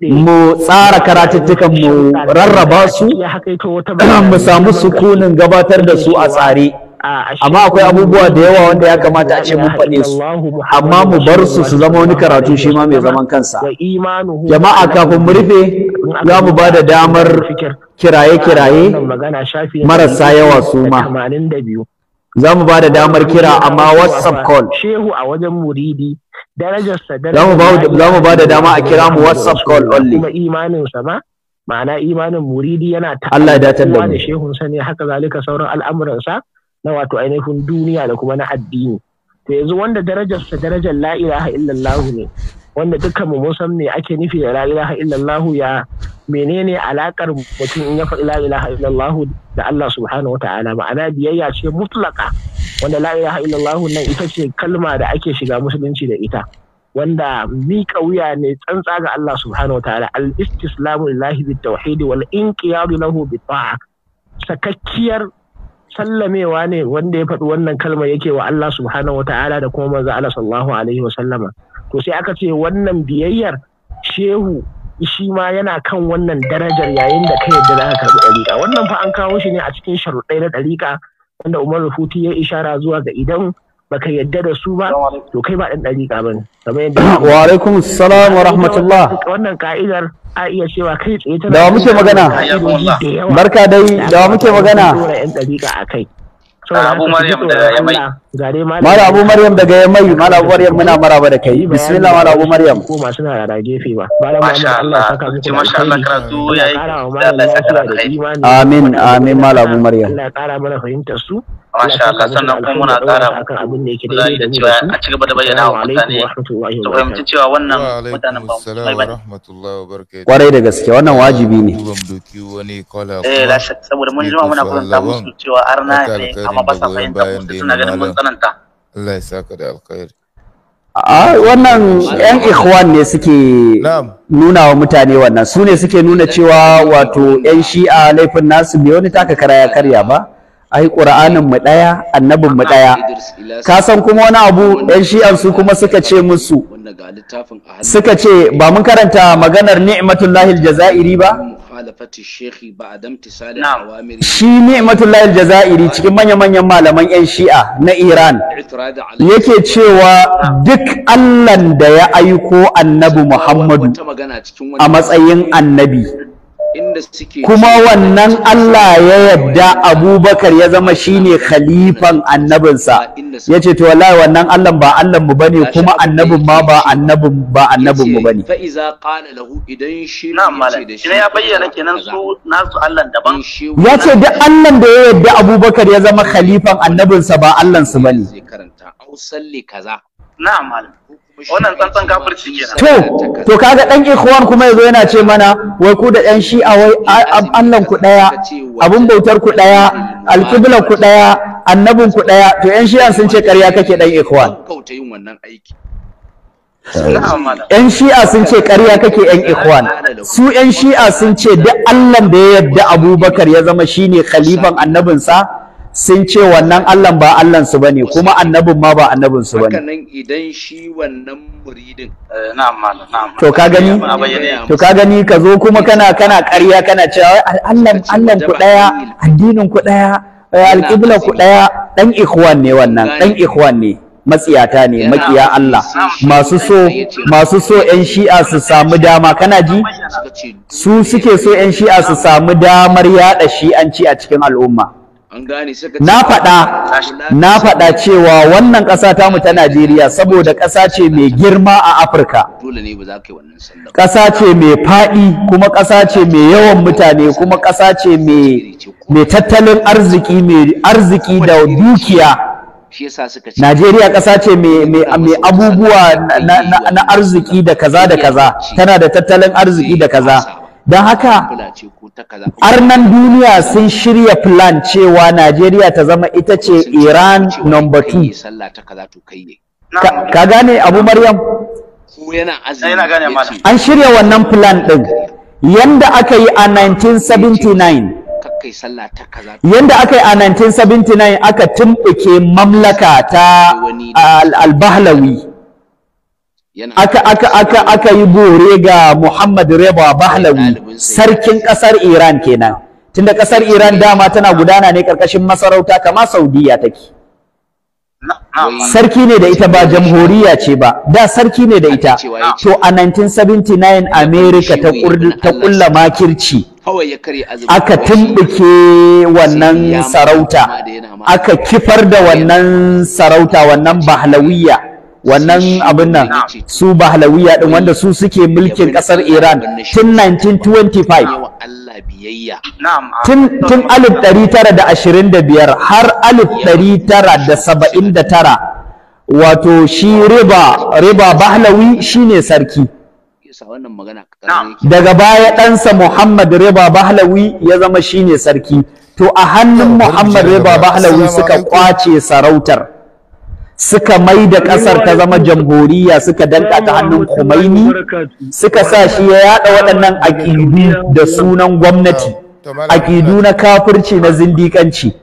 mu tsara karatuttukan mu rarraba su mu samu sukunin gabatar da su a tsare amma akwai abubuwa da yawa wanda ya kamata a ce mun faɗe su amma mu bar su su zama wani karatu shi ma mai zaman kansa jama'a kafin mu rufe za mu ba da damar kiraye-kiraye marasa yawa su ma za mu ba da damar kira amma whatsapp call za mu ba da dama a kira mu whatsapp call only ma'ana imanin muridi yana ta da shehun sani haka zalika sauran al'amuransa na wato ainihin duniya da kuma na addini to yanzu wanda darajarsa darajar la ilaha illallah ne wanda dukkan mu san me ake nufi da la ilaha ya menene alakar mutum in ya faɗi la ilaha da Allah subhanahu wataala ma'ana biyayya ce mutlaka wanda la ilaha nan ita ce kalma da ake shiga musulunci da ita wanda miƙa wuya ne tsantsa ga Allah subhanahu wataala al-istislamu lillahi bit tauhid wal inqiyadu lahu bit ta'a sakakkiyar sallamewa ne wanda ya faɗi wannan kalmar yake wa Allah subhanahu wata'ala da kuma manzo Allah sallallahu alaihi wa sallama to sai aka ce wannan biyayyar shehu shi ma yana kan wannan darajar yayin da ka yadda zaka ka karɓi ɗariƙa wannan fa an kawo shi ne a cikin sharuɗai na ɗariƙa wanda Umar Rufuti ya ishara zuwa ga idan baka yadda da su ba to kai ba dan dariƙa bane kamar yadda wa alaikum assalam wa rahmatullah wannan ka'idar a iya cewa kai tsaye ta da muke magana barka dai da muke magana yan dariƙa akai abu maryam da ya mai gare malam abu maryam daga ya mai malam abu maryam muna maraba da kai bismillah malam abu maryam ko masu na da gefe ba malam masha Allah saka muku masha Allah karatu yayi da Allah saka da amin amin malam abu maryam Allah kara mana fahimtar su masha Allah sannan kuma muna kara akan abin da yake daidai da cewa a ci gaba da bayyana wa mutane to fahimci cewa wannan mutanen ba mai ba kwarai da gaske wannan wajibi ne eh la saboda mun jima muna kuma ta musu cewa arna ne amma ba sa fahimta suna ganin mun tsananta Allah ya saka da alkhairi a wannan yan ikhwan ne suke nuna wa mutane wannan su ne suke nuna cewa wato yan shi'a laifin nasu bai wani taka karaya karya ba ai ƙura'anin mu ɗaya, annabin mu ɗaya. ka san kuma wani abu yan shi'an su kuma suka ce musu suka ce ba mun karanta maganar ni'matullahi jazairi ba mukhalafati shekhi ba adam tisali awamiri shi ni'matullahi aljazairi cikin manyan manyan malaman yan shi'a na Iran yake cewa duk Allah da ya aiko annabi Muhammadu a matsayin annabi kuma wannan Allah ya yadda abubakar ya zama shine khalifan annabinsa ya ce to wallahi wannan Allah ba Allah mu bane kuma annabin ma ba annabin ba annabin mu bane fa iza qala lahu idan shi ne ya bayyana kenan su nasu Allah daban ya ce duk Allah da ya yadda abubakar ya zama khalifan annabinsa ba Allah su bane zai karanta au salli kaza malam wannan tsantsan kafirci kenan to to kaga dan ikhwan kuma yazo yana ce mana wai ku da yan shi'a wai Allah ku daya abun bautar ku daya alqibla ku daya annabin ku daya to yan shi'a sun ce ƙarya kake dan ikhwan kauta yin wannan aiki yan shi'a sun ce ƙarya kake yan ikhwan su yan shi'a sun ce duk Allah da ya yarda Abubakar ya zama shine khalifan annabinsa sun ce wannan Allahn ba Allahn su bane kuma annabin ma ba annabin su bane hakanan idan shi wannan muridin eh, na'am malam na'am to ka gani to ka gani ka zo kuma kana kana ƙarya kana cewa Allahn Allahn ku daya addinin ku daya eh, alƙibla ku daya dan ikhwan ne wannan dan ikhwan ne matsiyata ne makiya Allah masu so masu so ƴan shi'a su samu dama kana ji su suke so ƴan shi'a su samu damar yaɗa shi'anci a cikin al'umma na faɗa na faɗa cewa wannan ƙasa mu ta Najeriya saboda ƙasa ce mai girma a Afirka ƙasa ce mai faɗi kuma ƙasa ce mai yawan mutane kuma ƙasa ce mai tattalin arziki mai arziki da dukiya Najeriya ƙasa ce mai abubuwa na arziki da kaza da kaza tana da tattalin arziki da kaza Da haka arnan duniya sun shirya plan cewa najeriya ta zama ita ce iran number two ka gane abu maryam an shirya wannan plan ɗin yanda aka yi a 1979 yanda aka yi a 1979 aka tumɓuke mamlaka ta al-bahlawi aka aka aka aka yi bore ga Muhammad Reba Bahlawi sarkin kasar Iran kenan tunda kasar Iran dama tana gudana ne karkashin masarauta kama Saudiya take sarki ne da ita ba jamhuriya ce ba da sarki ne da ita to a 1979 America ta kulla makirci aka tumbuke wannan sarauta aka kifar da wannan sarauta wannan bahlawiya wannan abin nan su bahlawiya din wanda su suke mulkin kasar Iran tun 1925 tun 1925 har 1979 wato shi riba riba bahlawi shine sarki daga baya ɗansa Muhammad Riba Bahlawi ya zama shine sarki to a hannun Muhammad Riba Bahlawi suka kwace sarautar suka mai da ƙasar ta zama jamhuriya suka danka ta hannun Khomeini suka sa shi ya yada waɗannan aƙidu da sunan gwamnati aƙidu na kafirci na zindiƙanci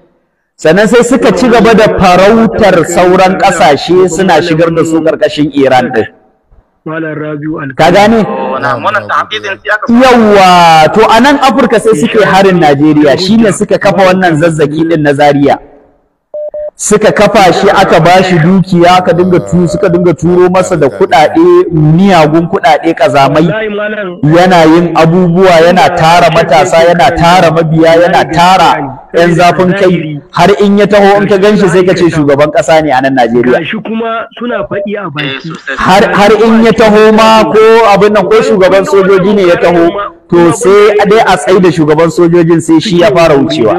sannan sai suka ci gaba da farautar sauran ƙasashe suna shigar da su ƙarƙashin Iran ɗin. Ka gane? Oh, Yawwa to a nan Afirka sai suke harin Najeriya shine suka kafa wannan zazzaki ɗin na Zaria. suka kafa shi aka ba shi dukiya aka dinga tu suka dinga turo masa da kuɗaɗe miyagun kuɗaɗe kazamai yana yin abubuwa yana tara matasa yana tara mabiya yana tara 'yan zafin kai har in ya taho in ka ganshi sai ka ce shugaban ƙasa ne a nan Najeriya eh, har in ya taho ma ko abin nan ko shugaban sojoji ne ya taho to sai dai a tsaye da shugaban sojojin sai shi ya fara wucewa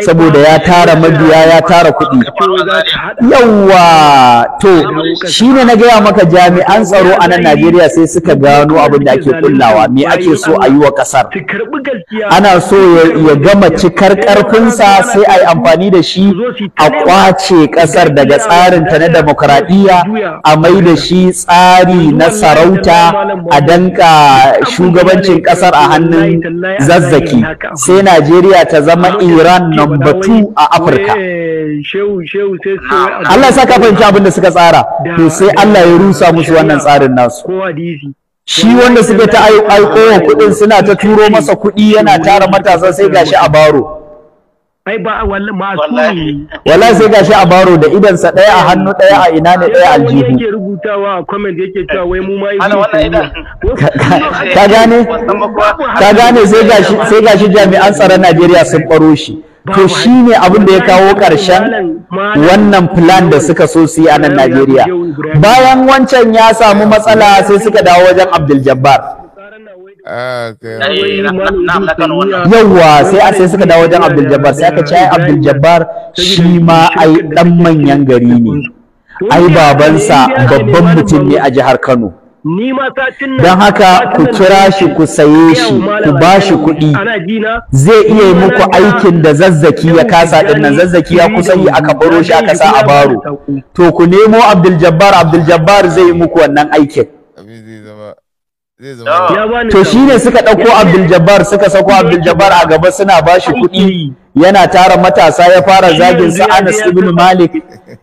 saboda ya tara mabiya ya tara kuɗi yawa to shine na gaya maka jami'an tsaro a nan Najeriya sai suka gano abin da ake kullawa me ake so a yi wa ƙasar ana so ya gama cikar ƙarfinsa sai a yi amfani da shi a ƙwace ƙasar daga tsarin ta na demokuraɗiyya a mai da shi tsari na sarauta a danka shugabancin ƙasar a hannun zazzaki sai Najeriya ta zama Iran number two a Afirka. Eh, Allah ya saka fahimci abin da suka tsara to sai Allah ya rusa musu wannan tsarin nasu. Shi wanda suka ta aiko wa kuɗin suna ta turo masa kuɗi yana tara matasa sai gashi a baro. ai ba wallahi wallahi sai gashi a baro da idan sa daya a hannu daya a ina ne daya aljihu yake rubutawa a comment yake cewa wai mu mai ka gane ka gane sai gashi sai gashi jami'an tsaron Najeriya sun baro shi to shine abin da ya kawo ƙarshen wannan plan da suka so su yi a nan Najeriya bayan wancan ya samu matsala sai suka dawo wajen Abdul Jabbar yawwa sai a sai suka dawo wajen Abdul Jabbar sai aka ce ai Abdul Jabbar shi ma ai dan manyan gari ne ai babansa babban mutum ne a jihar Kano don haka ku kira shi ku saye shi ku ba shi kuɗi zai iya yi muku aikin da zazzaki ya kasa ɗin nan zazzaki ya kusa yi aka baro shi aka sa a baro to ku nemo abdul-jabbar abdul-jabbar zai yi muku wannan aikin to shine suka ɗauko abdul-jabbar suka sako abdul-jabbar a gaba suna ba shi kuɗi yana tara matasa ya fara zagin sa Anas ibn Malik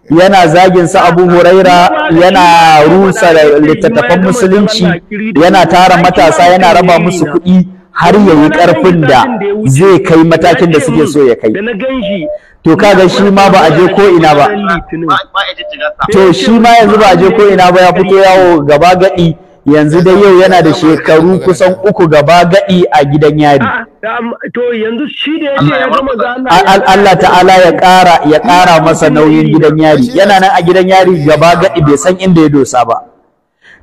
yana zagin sa Abu Huraira yana rusa littattafan musulunci yana tara matasa yana raba musu kuɗi har ya yi ƙarfin da zai kai matakin da suke so ya kai to kaga shi ma ba a je ko ina ba to shi ma yanzu ba a je ko ina ba ya fito yawo gaba gadi yanzu dai yau yana da shekaru kusan uku gaba gadi a gidan yari ah, to yanzu shi da yake ya gama Allah ta'ala ya ƙara ya ƙara masa nauyin gidan yari yana nan a gidan yari gaba gadi bai san inda ya dosa ba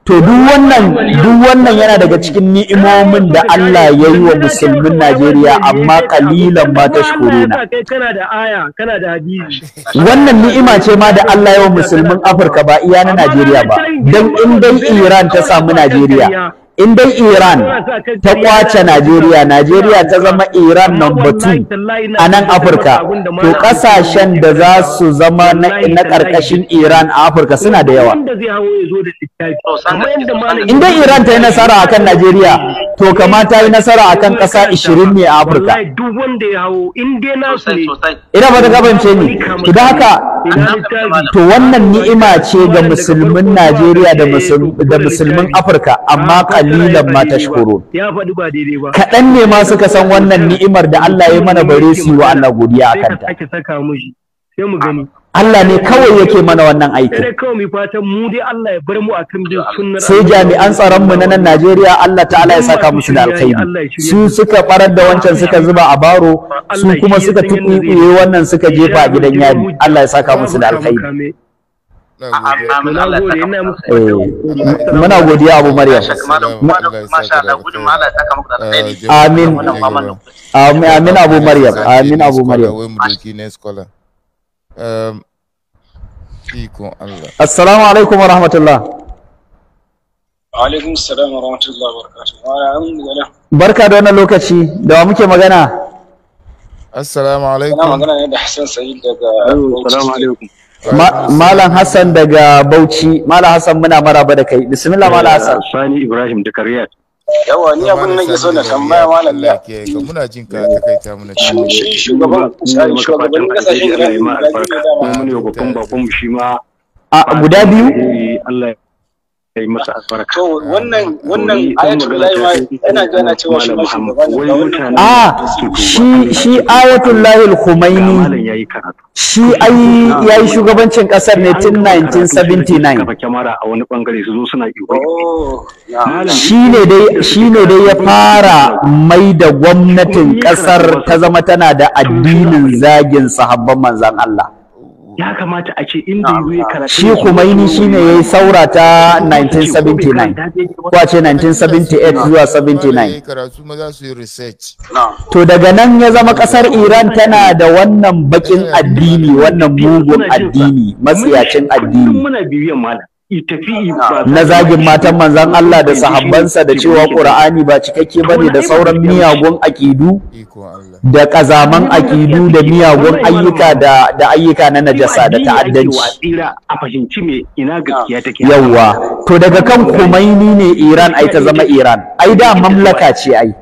to duk wannan duk wannan yana daga cikin ni'imomin da Allah ya yi wa musulmin Najeriya amma kalilan ma tashkuruna kana da aya kana da hadisi wannan ni'ima ce ma da Allah ya wa musulmin Afirka ba iya na Najeriya ba dan in dai Iran ta samu Najeriya in dai Iran ta kwace Najeriya, Najeriya ta zama Iran number two a nan Afirka, to ƙasashen da za su zama na ƙarƙashin Iran a Afirka suna da yawa. In dai Iran ta yi nasara akan Najeriya, to kamata ta yi nasara akan ƙasa 20 ne a Afirka ina ba ta gabance ni to da haka to wannan ni'ima ce ga musulmin Najeriya da musulmin Afirka amma kalilan ma tashkurun kaɗan ne ma suka san wannan ni'imar da Allah ya mana bare su wa Allah godiya a kanta? Allah ne kawai yake mana wannan aiki. Sai kawai mu fatan mu dai Allah ya bar mu akan bin sunnar. Sai jami'an tsaron mu na nan Najeriya Allah ta'ala ya saka musu da alkhairi. Su suka farar da wancan suka zuba a baro, su kuma suka tukuye wannan suka jefa a gidan yari. Allah ya saka musu da alkhairi. Eh, muna godiya Abu Maryam. Ah, amin. Amin Abu Maryam. Amin Abu Maryam. Ehm, Assalamu alaikum wa rahmatullah. Alaikum salam wa rahmatullah wa barakatuh. Barka da wannan lokaci da wa muke magana. Assalamu alaikum. Ina magana ne da Hassan Sayyid daga Assalamu alaikum. Malam Hassan daga Bauchi. Malam Hassan muna maraba da kai. Bismillah Malam eh, Hassan. Sani Ibrahim daga Riyadh. yawa ni abin nan ya so na tambaya malam da ka muna jin ka takaita muna shi shugaban shugaban kasashen garin da mu ne babban bakon mu shi ma a guda biyu Allah shi A ah, shi shi ayatul shi ai yayi shugabancin kasar ne tun 1979. Kafa bangare Shi ne dai ya fara mai da gwamnatin kasar ta zama tana da addinin zagin sahabban manzon Allah. ya kamata a ce inda yi karatu shi kumaini shine yi saura ta 1979 ko a 1978 zuwa 79 to daga nan ya zama kasar Iran tana da wannan bakin eh, addini wannan mugun addini matsiyacin addini na zagin matan manzan Allah da sahabbansa da cewa Ƙura'ani ba cikakke ba ne da sauran miyagun akidu da kazaman aƙidu da miyagun ayyuka da da ayyuka na najasa da ta'addanci Yawwa, yawa to daga kan kumaini ne Iran ai ta zama Iran ai da mamlaka ce ai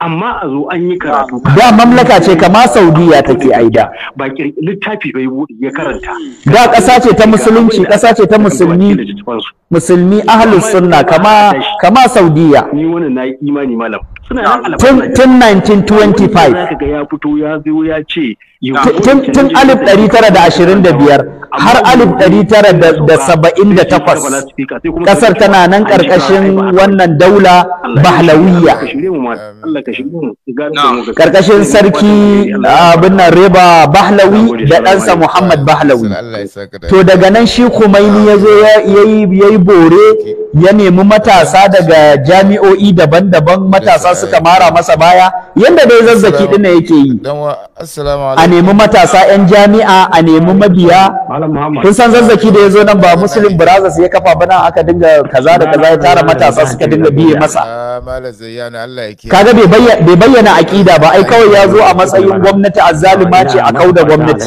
amma a zo an yi karatu da mamlaka ce kama Saudiya take ai da ba littafi bai ya karanta da ƙasa ce ta musulunci ƙasa ce ta musulmi musulmi ahlus sunna kama kama Saudiya ni wannan na imani malam tun 1925 ya fito ya zo ya ce tun alif ɗari tara da ashirin da biyar har alif ɗari tara da saba'in da takwas ƙasar tana nan ƙarƙashin wannan daula bahlawiya ƙarƙashin sarki abin nan reba bahlawi da ɗansa muhammad bahlawi to daga nan shi kumaini ya zo ya yi bore ya nemi matasa daga jami'o'i daban-daban matasa suka mara masa baya yadda dai zazzaki ɗin yake yi nemi matasa 'yan jami'a a nemi mabiya kun san zazzaki da ya zo nan ba musulun brothers ya kafa bana aka dinga kaza da kaza ya tara matasa suka dinga biye masa ah, kaga bai bayyana aƙida ba ai kawai ya zo a matsayin gwamnati azzalima ce a kauda gwamnati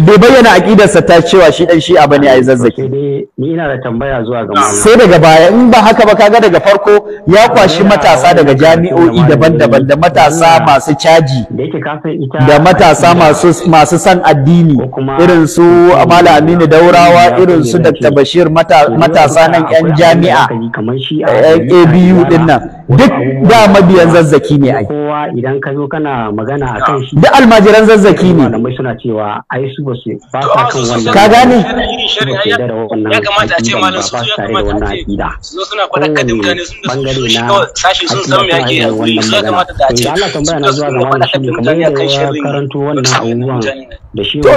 bai bayyana aƙidarsa ta cewa shi dan shi'a bane ai zazzaki sai daga baya in ba haka ba kaga daga farko ya kwashi matasa daga jami'o'i daban-daban da matasa masu caji da matasa masu masu san addini irin su Amala Aminu Daurawa irin su Dr. Bashir matasa nan yan jami'a ABU eh, din nan duk da mabiyan zazzaki ne ai kowa idan ka zo kana magana a kan shi duk almajiran zazzaki ne malamai suna cewa ai su ba su ba sa kan wannan ka gane ya kamata a ce malam su ya kamata a ce su zo suna kwada kadin mutane sun da su shi kawai sashi sun san me ake yanzu ya kamata da a ce su da su faɗakar To wannan abubuwan da shi to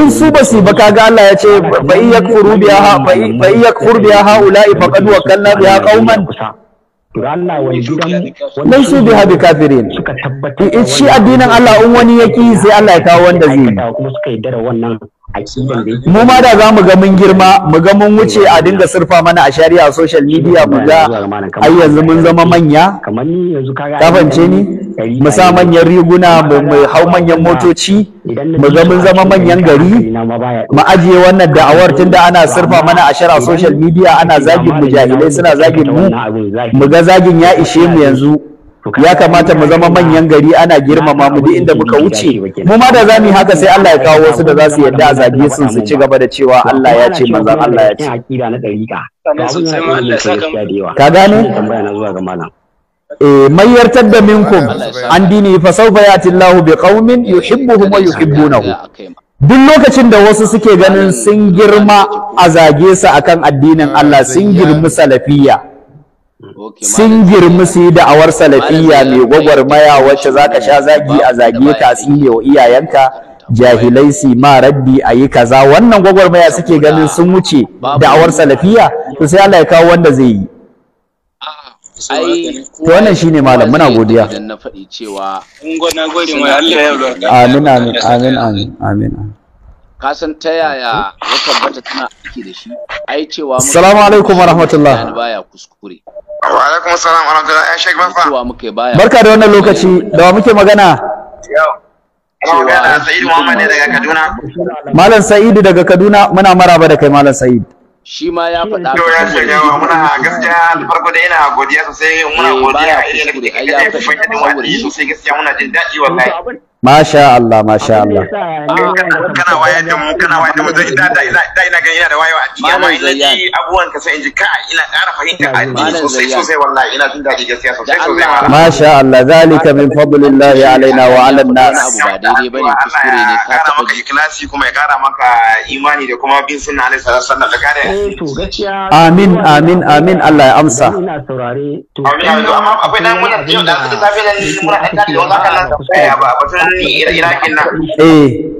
in su ba su ba kaga Allah ya ce fa in yakfuru biha ha fa in yakfuru biha haula'i faqad wakalna biha qauman to Allah wani gidan wannan su biha bi kafirin suka tabbata shi addinin Allah in wani yaki sai Allah ya kawo wanda zai kuma suka yi da mu ma da zamu ga mun girma mu ga mun wuce a dinga surfa mana a shari'a social media mu ga ai yanzu mun zama manya kamar ni yanzu ni mu sa manyan riguna mu hau manyan motoci mu ga mun zama manyan gari mu ajiye wannan da'awar tunda ana surfa mana a shara social media ana zagin mujahilai suna zagin mu mu ga zagin ya ishe mu yanzu ya kamata mu zama manyan gari ana girmama mu duk inda muka wuce mu ma da zamu haka sai Allah ya kawo wasu da za su yadda a zage su su ci gaba da cewa Allah ya ce manzon Allah ya ce hakira na dariqa ka gane tambaya na zuwa ga malam من يرتد منكم عن دينه فسوف ياتي الله بقوم يحبهم duk lokacin da wasu suke ganin sun girma a zage su akan addinin Allah sun girmi salafiyya sun girma su yi da'awar salafiyya mai gwagwarmaya wacce za ka sha zagi a zage ka ne wa iyayenka jahilai su ma rabbi a yi kaza wannan gwagwarmaya suke ganin sun wuce da'awar salafiyya to sai Allah ya kawo wanda zai yi to wannan shine malam muna godiya na faɗi cewa amin amin amin amin ka san ta yaya ya tabbata tana aiki da shi ai cewa salamu alaikum wa rahmatullah baya kuskure wa alaikum salam wa rahmatullah ya shek bafa cewa muke baya barka da wannan lokaci da wa muke magana Malam Sa'idu daga Kaduna muna maraba da kai Malam Sa'idu. shi ma ya faɗa to ya ce yawa muna gaskiya da farko da ina godiya sosai muna eh, godiya a irin da kake da da wani sosai gaskiya muna jin daɗi wallahi Masha Allah, masha Allah. Kana wayar da mu, kana wayar da mu, zai da da ina da ina ga ina da wayewa a ciki amma ina ji abubuwan ka sai in ji ka ina ƙara fahimta addini sosai sosai wallahi ina jin daɗi gaskiya sosai sosai. Masha Allah, zalika min fadlillahi alaina wa ala nas. Abu ba daidai bane kuskure ne ka ƙara maka ikhlasi kuma ya ƙara maka imani da kuma bin sunna alaihi sallallahu alaihi wasallam da kare. Eh, amin amin amin Allah ya amsa. Ina saurare. Amin amin amma akwai nan muna yau da safe da ni muna ɗan da yau zaka nan ba batun irakin nan eh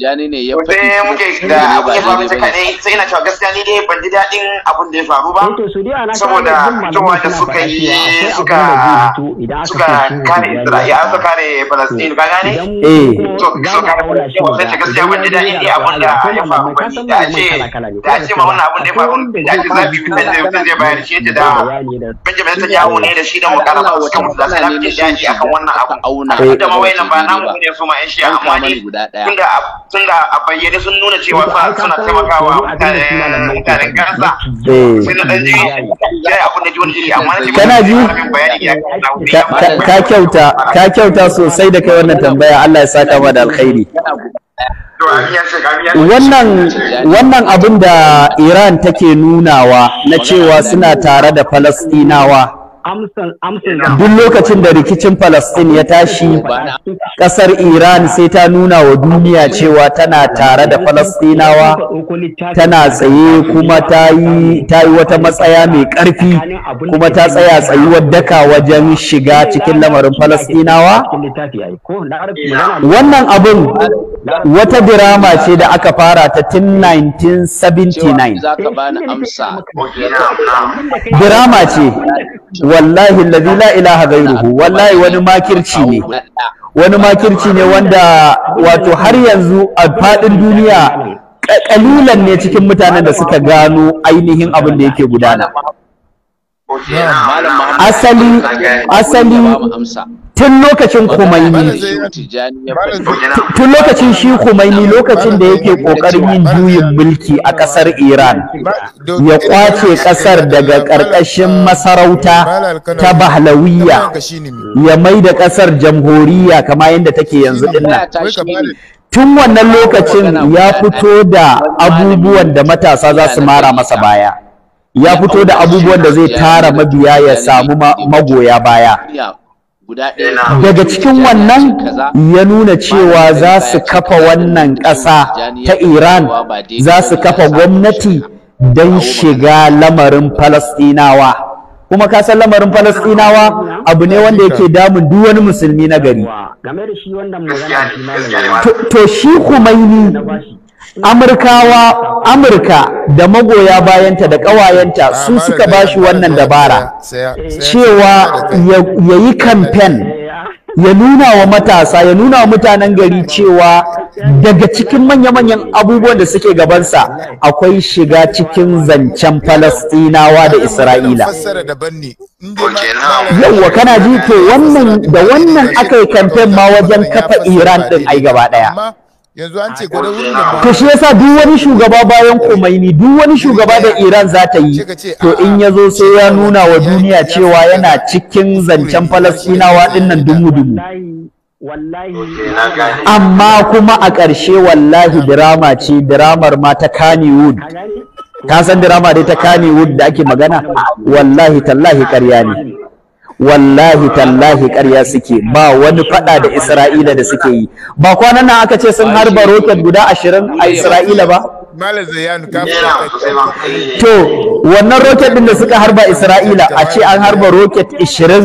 Tijjani ne ya faɗi sai muke da abu ya faru duka ne sai ina cewa gaskiya ni dai ban ji daɗin abin da ya faru ba eh saboda fitowa da suka yi suka suka kare Isra'ila suka kare Palestine ba gane eh to suka kare Palestine sai ta gaskiya ban ji daɗin dai abin da ya faru ba da ce da ce ma wannan abin da ya faru da ce zafi fitan da mutum zai bayar shi da Benjamin Netanyahu ne da shi da mukarraba suka mutu da sai lafiya shi akan wannan auna da ma wayan ba namu ne su ma yan shi amma ne tunda tun da a bayyane sun nuna cewa suna taimakawa mutanen gasa eh. sai na ɗan ji ya abin da ji wani jiri amma na jiri ji kana ji ka kyauta ka kyauta sosai da kai wannan tambaya Allah ya saka ma da alkhairi wannan wannan abin da Iran take nunawa na cewa suna tare da Falastinawa duk lokacin da rikicin Falastin ya tashi kasar Iran sai ta nuna wa duniya cewa tana tare da Falastinawa tana tsaye kuma ta yi wata matsaya mai ƙarfi kuma ta tsaya tsayuwar daka wajen shiga cikin lamarin Falastinawa wannan abin wata dirama ce da aka fara ta tun 1979 dirama ce wallahi alladhi la ilaha gairuhu wallahi wani makirci ne wani makirci ne wanda wato har yanzu a faɗin duniya ƙalilan ne cikin mutanen da suka gano ainihin abin da yake gudana asali asali tun lokacin kumaini tun lokacin shi kumaini lokacin da yake kokarin yin juyin mulki a kasar iran ya kwace kasar daga karkashin masarauta ta bahlawiya ya mai da kasar jamhuriya kama yadda take yanzu dinnan tun wannan lokacin ya fito da abubuwan da matasa za su mara masa baya ya fito da abubuwan da zai tara mabiya ya samu magoya baya daga cikin wannan ya nuna cewa za su kafa wannan ƙasa ta iran za su kafa gwamnati don shiga lamarin falastinawa kuma ka san lamarin falastinawa abu ne wanda yake damun duk musulmi na gari to shi yi amurkawa amurka da magoya bayanta da ƙawayenta ah, su suka ba shi wannan dabara cewa ya yi kamfen ya nuna wa matasa ya nuna wa mutanen gari cewa daga cikin manya-manyan abubuwan da suke gabansa akwai shiga cikin zancen falastinawa da isra'ila wa kana ji to wannan da wannan aka yi kamfen ma wajen kafa iran ɗin ai gaba ɗaya? yanzu an ce gwada wurin da ba. shi yasa duk wani shugaba bayan Khomeini duk wani shugaba da Iran za ta yi to in ya zo sai ya nuna wa duniya cewa yana cikin zancen Falastinawa dinnan dumu dumu amma kuma a ƙarshe wallahi drama ce diramar ma ta Kannywood ka san drama dai ta Kannywood da ake magana wallahi tallahi ƙarya ne wallahi tallahi ƙarya suke ba wani faɗa da Isra'ila da suke yi ba kwanan nan aka ce sun harba roket guda ashirin a Isra'ila ba to wannan roket ɗin da suka harba Isra'ila a ce an harba roket ashirin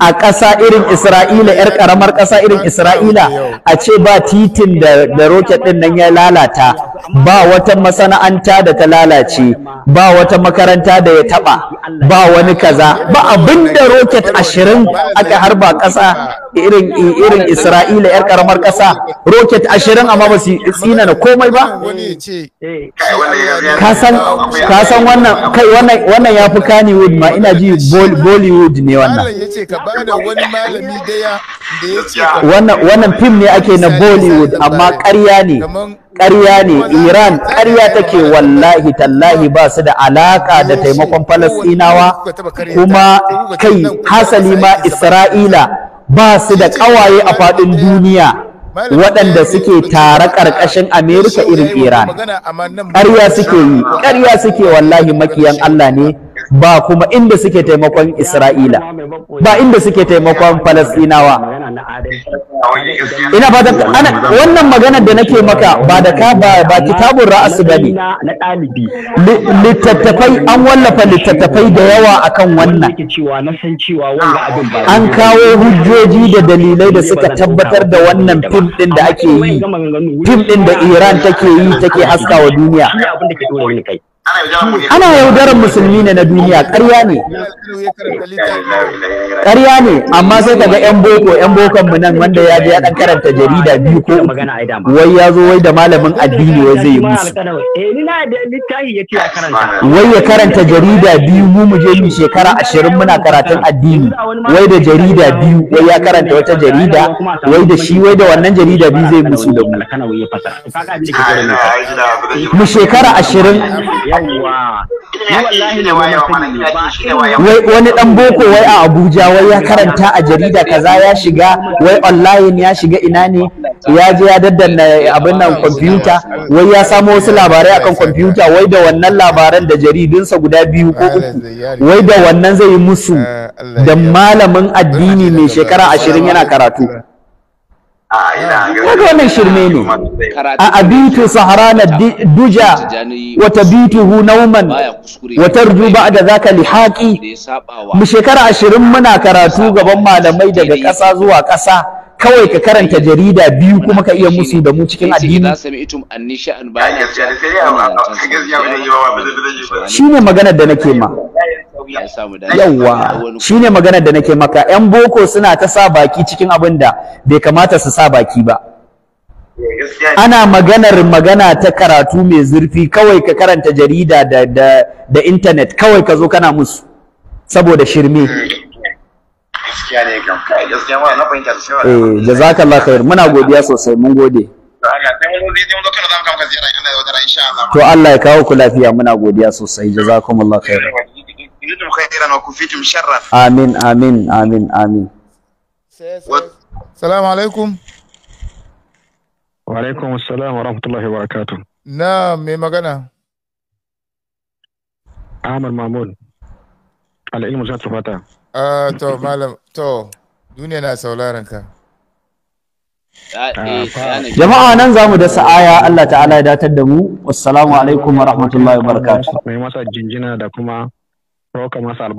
a ƙasa irin Isra'ila yar ƙaramar ƙasa irin Isra'ila a ce ba titin da roket ɗin nan ya lalata ba wata masana'anta da ta lalace ba wata makaranta da ya taɓa ba wani kaza ba abin da roket ashirin aka harba ƙasa irin irin Isra'ila yar ƙaramar ƙasa roket ashirin amma ba su tsina na komai ba ka san wannan kai wannan ya fi Kannywood ma ina ji Bollywood ne wannan daya wannan fim ne ake na Bollywood amma ƙarya ne ƙarya ne Iran ƙarya take wallahi tallahi ba su da alaka da taimakon Falasɗinawa kuma kai hasali ma Isra'ila ba su da ƙawaye a faɗin duniya waɗanda suke tare ƙarƙashin Amerika irin Iran. Ƙarya suke yi, ƙarya suke wallahi makiyan Allah ne, ba kuma inda suke taimakon Isra'ila ba inda suke taimakon Falasɗinawa ina fata wannan magana da nake maka ba da ka ba, ba kitabun ra'asu bane littattafai an wallafa littattafai da yawa akan wannan an kawo hujjoji da dalilai da suka tabbatar da wannan fim din da ake yi fim din da Iran take yi take haskawa duniya ana yaudarar musulmi ne na duniya ƙarya ne ƙarya ne amma sai kaga yan boko yan bokon mu nan wanda ya je ya dan karanta jarida biyu ko wai ya zo wai da malamin addini wai zai yi musu wai ya karanta jarida biyu mu mu je mu shekara ashirin muna karatun addini wai da jarida biyu wai ya karanta wata jarida wai da shi wai da wannan jarida biyu zai musu da mu mu shekara ashirin wani dan boko wai a Abuja wai ya karanta a jarida kaza ya shiga wai online ya shiga ina ne ya je ya daddanna abin nan kwamfuta wai ya samo wasu labarai akan kwamfuta wai da wannan labaran da jaridunsa guda biyu ko uku wai da wannan zai yi musu eh, da malamin addini mai shekara ashirin yana karatu kaga wannan shirme ne a abitu duja wa tabituhu nauman wa tarju ba'da zaka lihaqi mu shekara ashirin muna karatu gaban malamai daga ƙasa zuwa ƙasa kawai ka karanta jarida biyu kuma ka iya musu da mu cikin addini shine maganar da nake ma shi ne magana da nake eh. maka yan boko suna ta sa baki cikin abin da bai kamata su sa baki ba eh, ana maganar magana ta karatu mai zurfi kawai ka karanta jarida da da da kawai ka zo kana musu saboda shirme eh, gaskiya ne kam kai khair muna godiya sosai mun gode to Allah ya kawo ku lafiya muna godiya sosai jazakumullah khair yuzum khairan wa kufitum sharran amin amin amin amin salamu alaikum wa alaikum assalam wa rahmatullahi wa barakatuh na mai magana Ahmad Mahmud Al'ilm zatu fata ah to malam to duniya na sauraron ka jama'a nan za mu da sa'aya Allah ta'ala ya datar da mu salamu alaikum wa rahmatullahi wa barakatuh mai masa jinjina da kuma provoca una salva